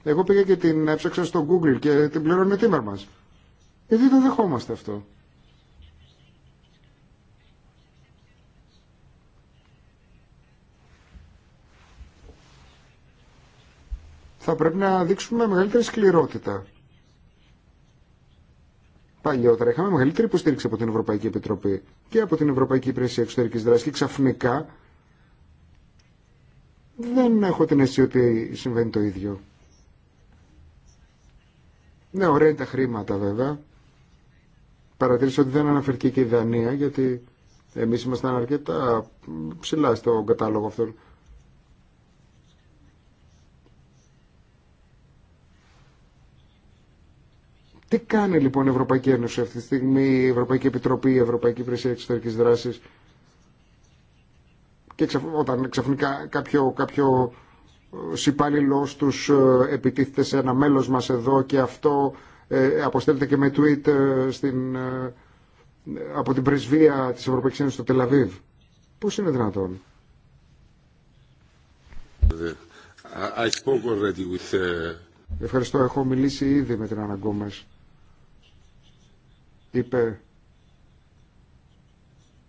S2: Εγώ πήγα και την έψαξα στο Google και την πληρώνει ο Τίμερμαντς. Γιατί το δεχόμαστε αυτό. Θα πρέπει να δείξουμε μεγαλύτερη σκληρότητα. Παλιότερα είχαμε μεγαλύτερη υποστήριξη από την Ευρωπαϊκή Επιτροπή και από την Ευρωπαϊκή Υπηρεσία εξωτερική Δράσης και ξαφνικά δεν έχω την αίσθηση ότι συμβαίνει το ίδιο. Ναι, ωραία είναι τα χρήματα βέβαια. Παρατήρησα ότι δεν αναφερθεί και η Δανία γιατί εμείς ήμασταν αρκετά ψηλά στο κατάλογο αυτό. Τι κάνει λοιπόν η Ευρωπαϊκή Ένωση αυτή τη στιγμή, η Ευρωπαϊκή Επιτροπή, η Ευρωπαϊκή Υπηρεσία Εξωτερικής δράση. και όταν ξαφνικά κάποιο, κάποιο ε, υπάλληλο τους ε, επιτίθεται σε ένα μέλο μας εδώ και αυτό ε, αποστέλλεται και με tweet ε, στην, από την πρεσβεία της Ευρωπαϊκή Ένωση στο Τελαβίβ. Πώς είναι δυνατόν. Ευχαριστώ, έχω μιλήσει ήδη με την Αναγκόμες είπε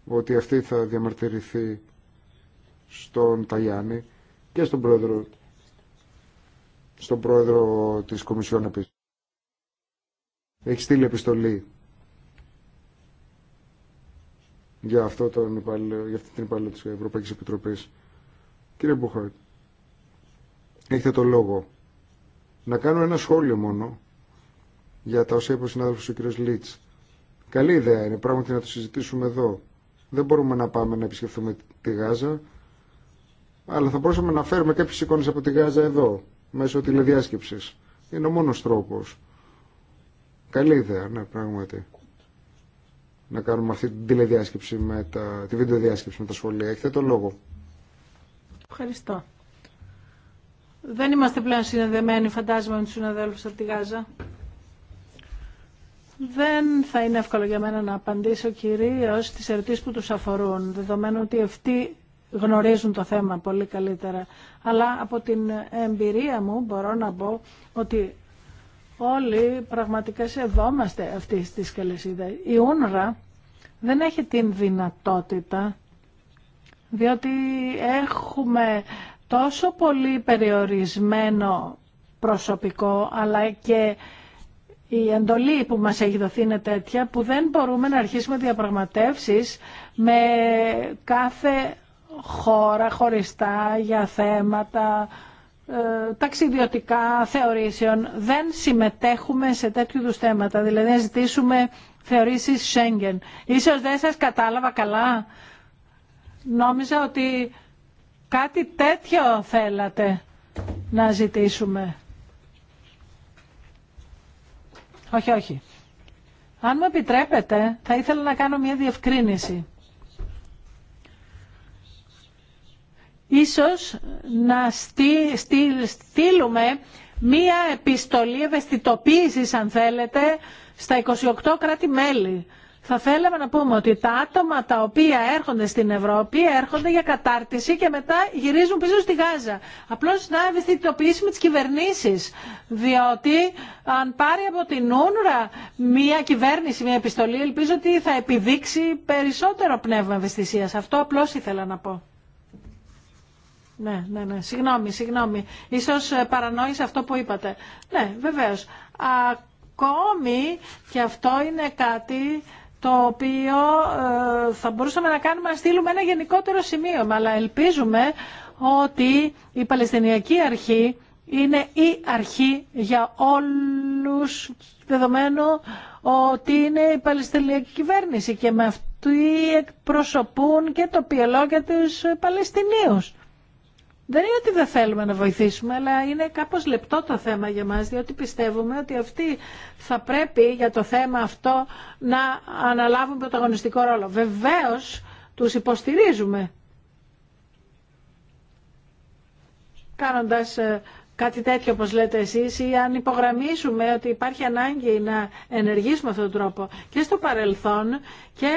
S2: ότι αυτή θα διαμαρτυρηθεί στον Ταγιάννη και στον πρόεδρο, στον πρόεδρο της Κομισιόν επίσης. Έχει στείλει επιστολή για, αυτό τον υπάλληλο, για αυτή την υπάλληλο της Ευρωπαϊκής Επιτροπής. Κύριε Μπουχάρτ, έχετε το λόγο. Να κάνω ένα σχόλιο μόνο για τα όσα είπε ο συνάδελφος ο κ. Λίτς. Καλή ιδέα είναι πράγματι να το συζητήσουμε εδώ. Δεν μπορούμε να πάμε να επισκεφθούμε τη Γάζα, αλλά θα μπορούσαμε να φέρουμε κάποιε εικόνε από τη Γάζα εδώ, μέσω τηλεδιάσκεψη. Είναι ο μόνο τρόπο. Καλή ιδέα, ναι, πράγματι. Να κάνουμε αυτή την τηλεδιάσκεψη, με τα, τη βιντεοδιάσκεψη με τα σχολεία. Έχετε το λόγο.
S3: Ευχαριστώ. Δεν είμαστε πλέον συνδεδεμένοι, φαντάζομαι, με του συναδέλφου από τη Γάζα. Δεν θα είναι εύκολο για μένα να απαντήσω κυρίως στις ερωτήσει που του αφορούν, δεδομένου ότι αυτοί γνωρίζουν το θέμα πολύ καλύτερα. Αλλά από την εμπειρία μου μπορώ να πω ότι όλοι πραγματικά σεβόμαστε αυτή τη σκελεσίδα. Η Ούνρα δεν έχει την δυνατότητα, διότι έχουμε τόσο πολύ περιορισμένο προσωπικό, αλλά και η εντολή που μας έχει δοθεί είναι τέτοια που δεν μπορούμε να αρχίσουμε διαπραγματεύσεις με κάθε χώρα χωριστά για θέματα ε, ταξιδιωτικά θεωρήσεων. Δεν συμμετέχουμε σε τέτοιου είδους θέματα, δηλαδή να ζητήσουμε θεωρήσεις Schengen. Ίσως δεν σας κατάλαβα καλά. Νόμιζα ότι κάτι τέτοιο θέλατε να ζητήσουμε. Όχι, όχι. Αν μου επιτρέπετε, θα ήθελα να κάνω μια διευκρίνηση. Ίσως να στείλουμε μία επιστολή ευαισθητοποίησης, αν θέλετε, στα 28 κράτη-μέλη θα θέλαμε να πούμε ότι τα άτομα τα οποία έρχονται στην Ευρώπη έρχονται για κατάρτιση και μετά γυρίζουν πίσω στη Γάζα. Απλώς να ευαισθητοποιήσουμε τι κυβερνήσει. διότι αν πάρει από την Ούνρα μια κυβέρνηση, μια επιστολή, ελπίζω ότι θα επιδείξει περισσότερο πνεύμα ευαισθησία. Αυτό απλώς ήθελα να πω. Ναι, ναι, ναι. Συγγνώμη, συγγνώμη. Ίσως ε, παρανόησα αυτό που είπατε. Ναι, βεβαίως. Ακόμη και αυτό είναι κάτι το οποίο ε, θα μπορούσαμε να κάνουμε να στείλουμε ένα γενικότερο σημείο. αλλά ελπίζουμε ότι η Παλαιστινιακή Αρχή είναι η αρχή για όλους, δεδομένου ότι είναι η Παλαιστινιακή κυβέρνηση και με αυτοί εκπροσωπούν και το ποιολόγια τους Παλαιστινίους. Δεν είναι ότι δεν θέλουμε να βοηθήσουμε, αλλά είναι κάπως λεπτό το θέμα για μας, διότι πιστεύουμε ότι αυτοί θα πρέπει για το θέμα αυτό να αναλάβουν πρωταγωνιστικό ρόλο. Βεβαίως τους υποστηρίζουμε κάνοντας ε, κάτι τέτοιο όπως λέτε εσείς ή αν υπογραμμίσουμε ότι υπάρχει ανάγκη να ενεργήσουμε αυτόν τον τρόπο και στο παρελθόν και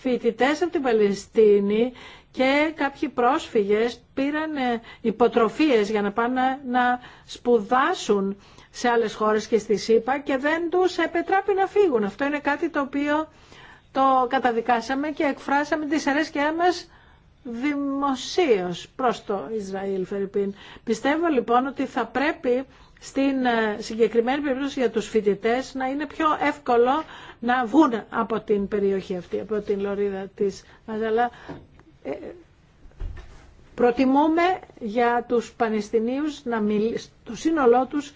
S3: φοιτητέ από την Παλαιστίνη και κάποιοι πρόσφυγες πήραν ε, υποτροφίες για να πάνε να σπουδάσουν σε άλλες χώρες και στη ΣΥΠΑ και δεν τους επετράπει να φύγουν. Αυτό είναι κάτι το οποίο το καταδικάσαμε και εκφράσαμε τις αρέσκειά μας δημοσίως προς το Ισραήλ, Φερρυπίν. Πιστεύω λοιπόν ότι θα πρέπει στην ε, συγκεκριμένη περίπτωση για τους φοιτητές να είναι πιο εύκολο να βγουν από την περιοχή αυτή, από την λωρίδα της. Μαζαλά. Ε, προτιμούμε για τους Παλαιστινίους να σύνολό τους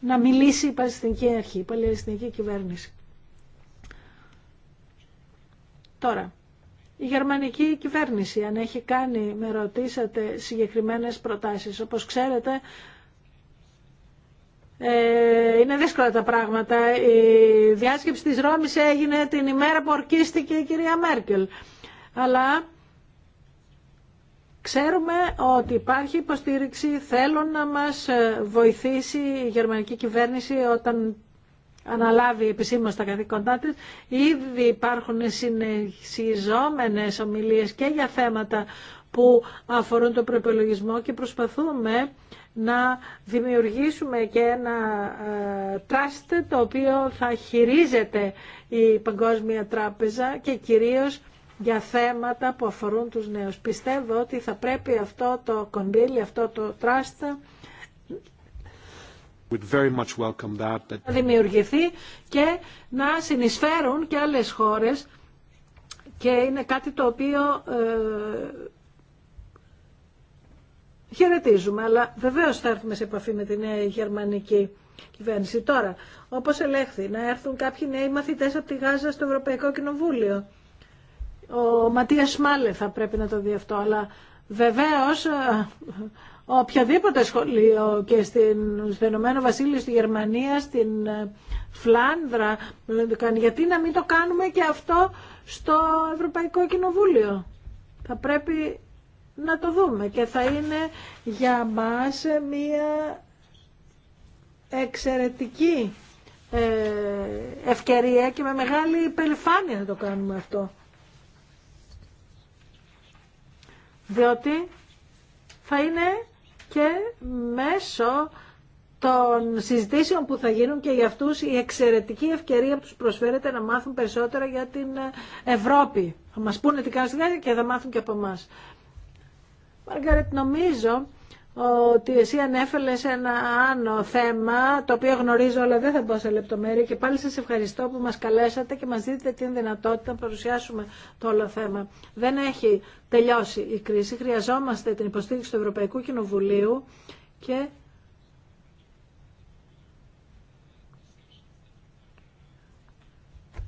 S3: να μιλήσει η Παλαιστινική Αρχή, η Παλαιστινική Κυβέρνηση. Τώρα, η γερμανική κυβέρνηση αν έχει κάνει, με ρωτήσατε, συγκεκριμένες προτάσεις. Όπως ξέρετε, ε, είναι δύσκολα τα πράγματα. Η διάσκεψη της Ρώμης έγινε την ημέρα που ορκίστηκε η κυρία Μέρκελ. Αλλά Ξέρουμε ότι υπάρχει υποστήριξη, θέλω να μας ε, βοηθήσει η γερμανική κυβέρνηση όταν αναλάβει επισήμως τα καθήκοντά της. Ήδη υπάρχουν συνεχιζόμενες ομιλίες και για θέματα που αφορούν τον προπολογισμό και προσπαθούμε να δημιουργήσουμε και ένα τράστε το οποίο θα χειρίζεται η Παγκόσμια Τράπεζα και κυρίως για θέματα που αφορούν τους νέους. Πιστεύω ότι θα πρέπει αυτό το κονδύλι, αυτό το τράστα να δημιουργηθεί και να συνεισφέρουν και άλλες χώρες και είναι κάτι το οποίο ε, χαιρετίζουμε, αλλά βεβαίως θα έρθουμε σε επαφή με τη νέα γερμανική κυβέρνηση. Τώρα, όπως ελέγχθη, να έρθουν κάποιοι νέοι μαθητές από τη Γάζα στο Ευρωπαϊκό Κοινοβούλιο. Ο Ματίας Σμάλε θα πρέπει να το δει αυτό, αλλά βεβαίως ε, οποιαδήποτε σχολείο και στην, στο Ηνωμένο Βασίλειο, στη Γερμανία, στην ε, Φλάνδρα, ε, γιατί να μην το κάνουμε και αυτό στο Ευρωπαϊκό Κοινοβούλιο. Θα πρέπει να το δούμε και θα είναι για μας μία εξαιρετική ευκαιρία και με μεγάλη υπερηφάνεια να το κάνουμε αυτό. διότι θα είναι και μέσω των συζητήσεων που θα γίνουν και για αυτούς η εξαιρετική ευκαιρία που τους προσφέρεται να μάθουν περισσότερα για την ε, Ευρώπη. Θα μας πούνε τι κάνουν και θα μάθουν και από εμά. Μαργαρετ, νομίζω ότι εσύ ανέφερε σε ένα άλλο θέμα, το οποίο γνωρίζω αλλά δεν θα μπω σε λεπτομέρεια και πάλι σας ευχαριστώ που μας καλέσατε και μας δείτε την δυνατότητα να παρουσιάσουμε το όλο θέμα. Δεν έχει τελειώσει η κρίση, χρειαζόμαστε την υποστήριξη του Ευρωπαϊκού Κοινοβουλίου και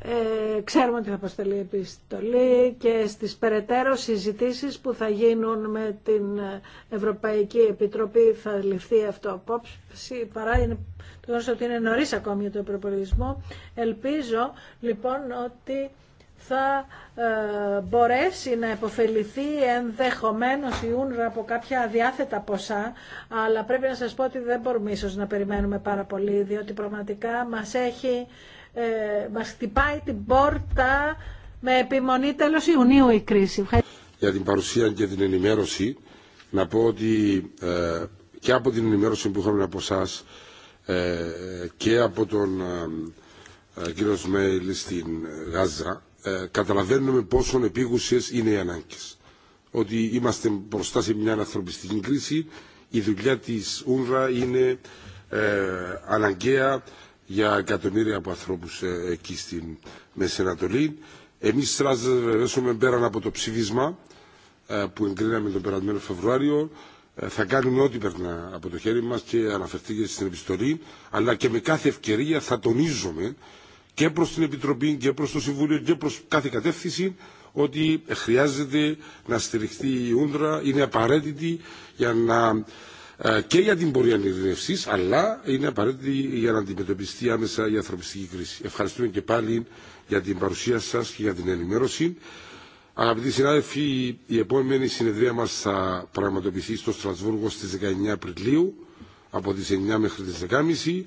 S3: Ε, ξέρουμε ότι θα αποστελεί επιστολή και στις περαιτέρω συζητήσεις που θα γίνουν με την Ευρωπαϊκή Επιτροπή θα ληφθεί αυτό απόψη παρά το γνωστό ότι είναι νωρίς ακόμη για τον προπολογισμό. Ελπίζω λοιπόν ότι θα ε, μπορέσει να υποφεληθεί ενδεχομένως η Ούνρα από κάποια αδιάθετα ποσά, αλλά πρέπει να σας πω ότι δεν μπορούμε ίσως να περιμένουμε πάρα πολύ, διότι πραγματικά μας έχει ε, μας χτυπάει την πόρτα με επιμονή τέλος Ιουνίου η κρίση.
S1: Για την παρουσία και την ενημέρωση να πω ότι ε, και από την ενημέρωση που είχαμε από εσά ε, και από τον ε, ε, κύριο Σμέιλ στην Γάζα ε, καταλαβαίνουμε πόσο επίγουσες είναι οι ανάγκε. Ότι είμαστε μπροστά σε μια ανθρωπιστική κρίση, η δουλειά της ΟΥΝΡΑ είναι ε, αναγκαία για εκατομμύρια από ανθρώπους ε, εκεί στην Μέση Ανατολή. Εμεί στράζουμε πέραν από το ψήφισμα ε, που εγκρίναμε τον περασμένο Φεβρουάριο ε, θα κάνουμε ό,τι περνά από το χέρι μας και αναφερθήκε στην επιστολή αλλά και με κάθε ευκαιρία θα τονίζουμε και προς την Επιτροπή και προς το Συμβούλιο και προς κάθε κατεύθυνση ότι χρειάζεται να στηριχθεί η Ούντρα, είναι απαραίτητη για να ε, και για την πορεία ειρηνευσή, αλλά είναι απαραίτητη για να αντιμετωπιστεί άμεσα η ανθρωπιστική κρίση. Ευχαριστούμε και πάλι για την παρουσία σα και για την ενημέρωση. Αγαπητοί συνάδελφοι, η επόμενη συνεδρία μα θα πραγματοποιηθεί στο Στρασβούργο στι 19 Απριλίου από τι 9 μέχρι τι 10.30.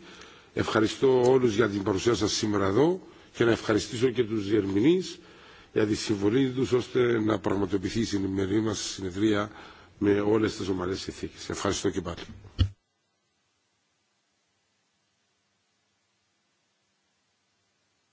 S1: Ευχαριστώ όλου για την παρουσία σα σήμερα εδώ και να ευχαριστήσω και του διερμηνεί για τη συμβολή του ώστε να πραγματοποιηθεί η σημερινή μα συνεδρία με όλες τις ομαλές συνθήκες. Ευχαριστώ και πάλι.